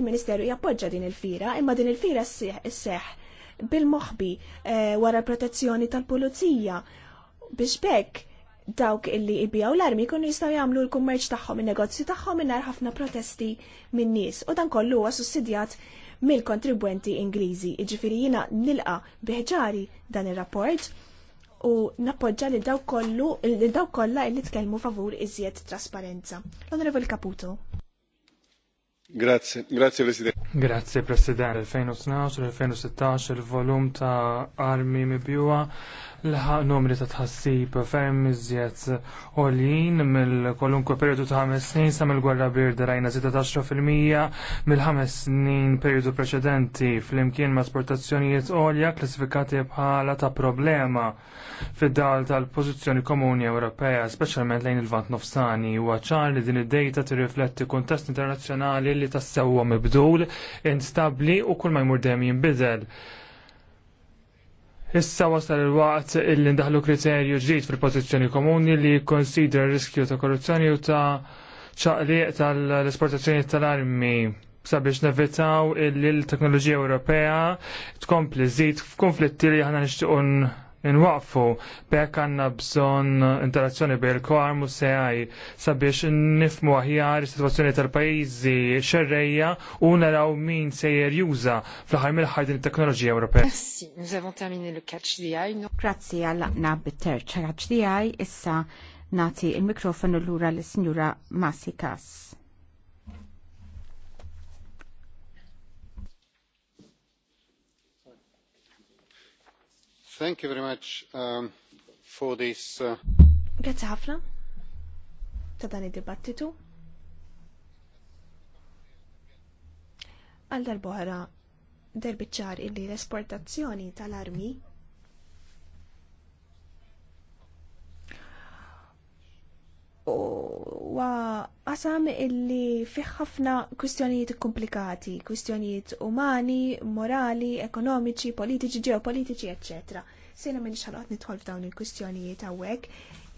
il-Ministeru jappoġġa din il-fira, imma din il-fira s-seħ bil-moħbi eh, wara protezzjoni tal-pulizija biex bekk dawk illi ibijaw l-armi kunu jistaw jagħmlu l-kummerċ tagħhom in-negozju tagħhom mingħajr ħafna protesti minn nies u dan kollu huwa sussidjat mill-kontribwenti Ingliżi. Jiġifieri jiena nilqa biħġari dan ir-rapport u nappoġġa li daw kollu li daw kollha li tkellmu favur iżjed trasparenza. l Caputo. Grazie, grazie Presidente. Grazie Presidente. il 2012-2016 il-volum ta' armi mibjuwa l numri ta' tħassib ferm iżjed l-jien mill-kolunkwe periodu ta' ħames snin sa' mill-gwerra birda rajna zita ta' 10% mill-ħames snin periodu preċedenti fl-imkien ma' sportazzjonijiet għolja klassifikati bħala ta' problema fid-dal tal-pożizzjoni komuni Ewropea, speċjalment lejn il-vant nofsani, u ċar li din id-dejta tirrifletti kontest internazzjonali li tassewwa mibdul, instabli u kull ma jmur dejjem jinbidel. Issa wasal il-waqt illi ndaħlu kriterju ġdid fil-pozizjoni komuni li konsidra riskju ta' korruzzjoni u ta' ċaqliq tal-esportazzjoni tal-armi sabiex nevitaw illi l-teknoloġija Ewropea tkompli żid f'konflitti li aħna nixtiequ nwaqfu bekk għanna bżon interazzjoni bejn il-koarm u sejaj sabiex nifmu aħjar is-sitwazzjoni tal-pajjiżi xerrejja u naraw min sejjer juża fl ħajm mill-ħajt il-teknoloġija Ewropea. Merci, nous avons terminé le catch DI. Grazzi bit-terċ catch DI issa nati il-mikrofonu lura lis-Sinjura Masikas. Thank you very much um, for this. Uh, Grazie ħafna ta' dan id-dibattitu. Għal darbohra derbiċċar illi l-esportazzjoni tal-armi huwa qasam illi fih ħafna kwistjonijiet komplikati, kwistjonijiet umani, morali, ekonomiċi, politiċi, ġeopolitiċi, eċċetera. Sejna minn xalqat nidħol f'dawn il-kwistjonijiet hawnhekk,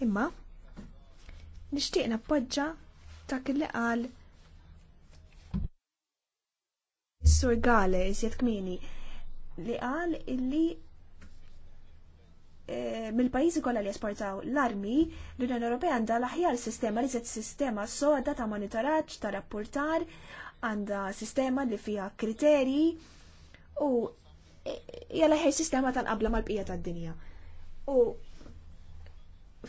imma nixtieq nappoġġa dak li qal Sur Gale, iżjed kmini, li qal illi Eh, mill-pajjiżi kollha li esportaw l-armi, l-Unjoni Ewropea għandha l-aħjar sistema li set sistema soda ta' monitoraġġ, ta' rapportar, għandha sistema li fiha kriterji u e, hija l-aħjar sistema tanqabla mal-bqija tad-dinja. U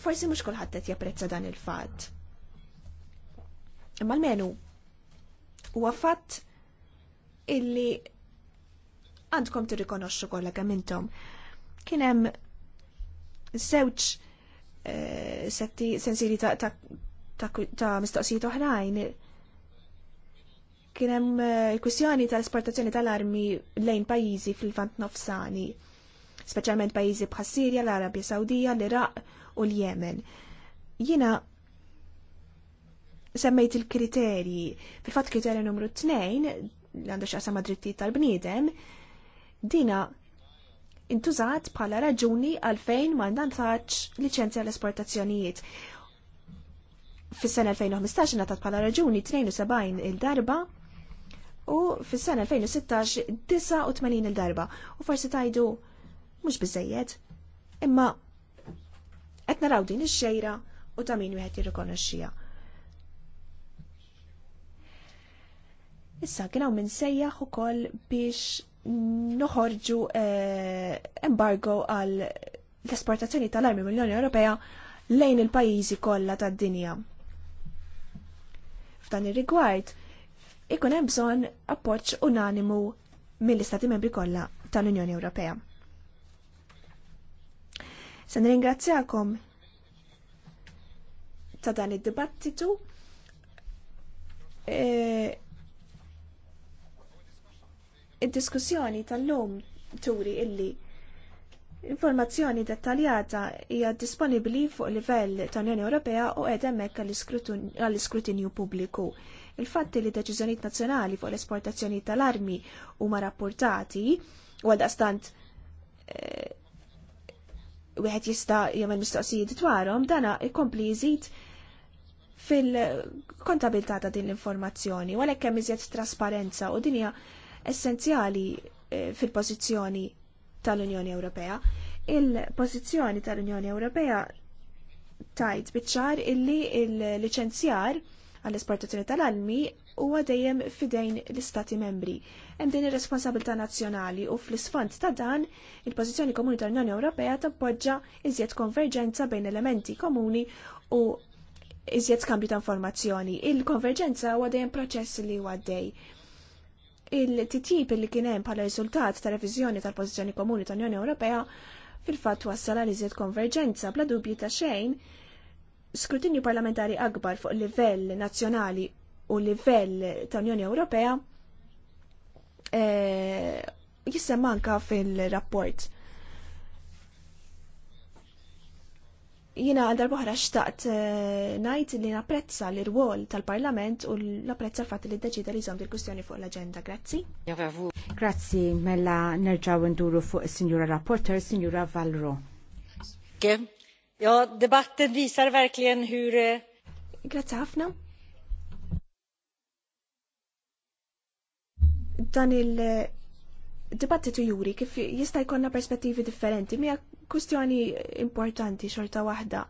forsi mhux kulħadd qed japprezza dan il-fatt. Imma l-menu huwa fatt illi għandkom tirrikonoxxu kollha kemm intom. Kien hemm żewġ eh, setti sensiri ta' mistoqsijiet oħrajn kien hemm eh, kwistjoni tal-esportazzjoni tal-armi lejn pajjiżi fil-vant nofsani, speċjalment pajjiżi bħas Sirja, l-Arabja Sawdija, l-Iraq u l-Yemen. Jiena semmejt il-kriterji, fil-fatt kriterju numru 2 li għandu xaqsa ma' tal-bniedem, dina intużat bħala raġuni għalfejn ma nantax licenzja l-esportazzjonijiet. Fis-sena 2015 natat bħala raġuni 72 il-darba u fis-sena 2016 89 il-darba u forsi tajdu mhux biżejjed imma qed naraw din ix-xejra u ta' min wieħed jirrikonoxxija. Issa kien hawn minn sejjaħ ukoll biex noħorġu eh, embargo għal l-esportazzjoni tal-armi mill-Unjoni Ewropea lejn il-pajjiżi kollha tad-dinja. F'dan ir-rigward, ikun hemm bżonn appoġġ unanimu mill-Istati Membri kollha tal-Unjoni Ewropea. Se nirringrazzjakom ta' dan id-dibattitu. Eh, Id-diskussjoni tal-lum turi illi Informazzjoni dettaljata hija disponibbli fuq livell ta' Unjoni Ewropea u qed hemmhekk għall-iskrutinju pubbliku. Il-fatti li deċiżjonijiet nazzjonali fuq l-esportazzjoni tal-armi huma rapportati u għaldaqstant eh, wieħed jista' jagħmel mistoqsijiet dwarhom dana jkompli jżid fil-kontabilità ta' din l-informazzjoni u għalhekk hemm iżjed trasparenza u dinja hija essenzjali eh, fil-pożizzjoni tal-Unjoni Ewropea. Il-pożizzjoni tal-Unjoni Ewropea tajt biċċar illi il-liċenzjar għall-esportazzjoni tal-almi huwa dejjem fidejn l-Istati membri. Hemm din ir-responsabilità nazzjonali u fl-isfond ta' dan il-pożizzjoni komuni tal-Unjoni Ewropea tappoġġa iżjed konverġenza bejn elementi komuni u iżjed skambju ta' informazzjoni. Il-konverġenza huwa dejjem proċess li huwa dej il-titjib li kien hemm bħala riżultat ta' reviżjoni tal pozizjoni komuni tal-Unjoni Ewropea fil-fatt wassal għal iżjed konverġenza bla dubji ta' xejn skrutinju parlamentari akbar fuq livell nazzjonali u livell ta' Unjoni Ewropea eh, jissem manka fil-rapport. Jina għal darbohra xtaqt eh, najt li napprezza l-rwol tal-Parlament u napprezza l-fat li d-deċida li zomd il-kustjoni fuq l-agenda. Grazzi. Grazzi, mella nerġaw nduru fuq il-Signora Rapporter, Signora Valro. Ja, debatten visar verkligen hur... Eh, Grazzi ħafna. Dan il-dibattitu eh, juri kif jista' jkollna perspettivi differenti miegħek Kustjoni importanti xorta waħda.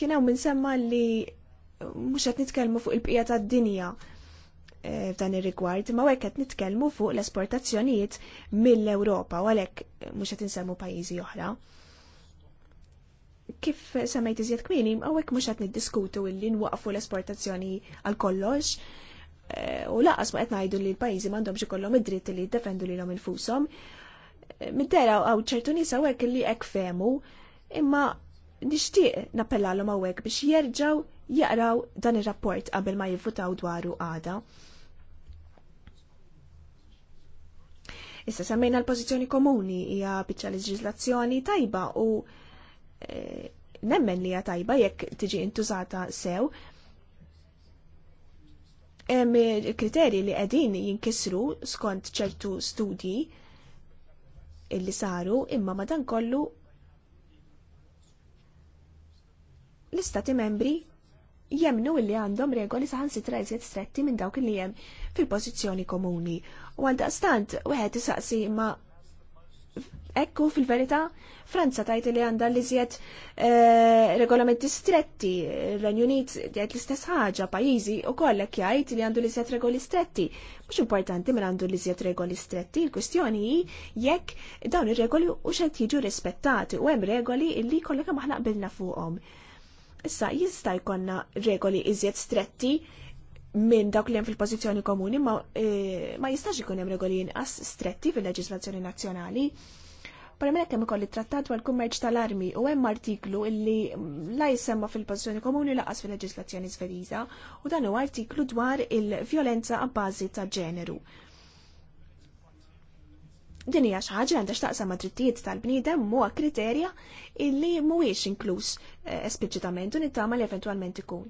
Kien hawn min semma li mhux qed nitkellmu fuq il-bqija tad-dinja eh, f'dan ir-rigward, ma hekk qed nitkellmu fuq l-esportazzjonijiet mill-Ewropa u għalhekk mhux qed insemmu pajjiżi oħra. Kif semmejt iżjed kmini, hawnhekk mhux qed niddiskutu illi nwaqfu l-esportazzjoni għal kollox. Eh, u laqas ma qed ngħidu li l-pajjiżi m'għandhomx ikollhom id-dritt li jiddefendu il infushom middera għaw ċertu nisa għek li għek femu, imma nishtiq nappellalom għawek biex jerġaw jaqraw dan il-rapport qabel ma jivvutaw dwaru għada. Issa semmejna l-pozizjoni komuni hija biċċa leġiżlazzjoni tajba u e, nemmen li hija tajba jekk tiġi intużata sew. Hemm kriterji li qegħdin jinkisru skont ċertu studji illi saru imma madankollu l-istati membri jemnu illi għandhom regoli saħansitra iżjed stretti minn dawk li hemm fil-pożizzjoni komuni. U għaldaqstant wieħed isaqsi imma Ekku fil-verità Franza tajt li għandha li zjed eh, regolamenti stretti, Renju Unit jgħid l-istess ħaġa, pajjiżi u kollek jgħid li għandu li zjed regoli stretti. Mhux importanti minn għandu li zjed regoli stretti, il-kwistjoni hi jekk dawn ir-regoli u xed jiġu rispettati u hemm regoli li kollek aħna qbilna fuqhom. Issa jista' jkollna regoli iżjed stretti minn dawk li hemm fil-pożizzjoni komuni ma, eh, jistax ikun hemm regoli inqas stretti fil-leġiżlazzjoni nazzjonali. Para minn ikolli trattat għal kummerċ tal-armi u hemm artiklu illi la jisemma fil-pożizzjoni komuni laqas fil-leġislazzjoni Svediża u dan huwa artiklu dwar il-vjolenza għabbażi ta' ġeneru. Din hija xi ħaġa għandha x'taqsam ma' drittijiet tal-bniedem huwa kriterja illi mhuwiex inkluż eh, espliċitament u nittama li eventwalment ikun.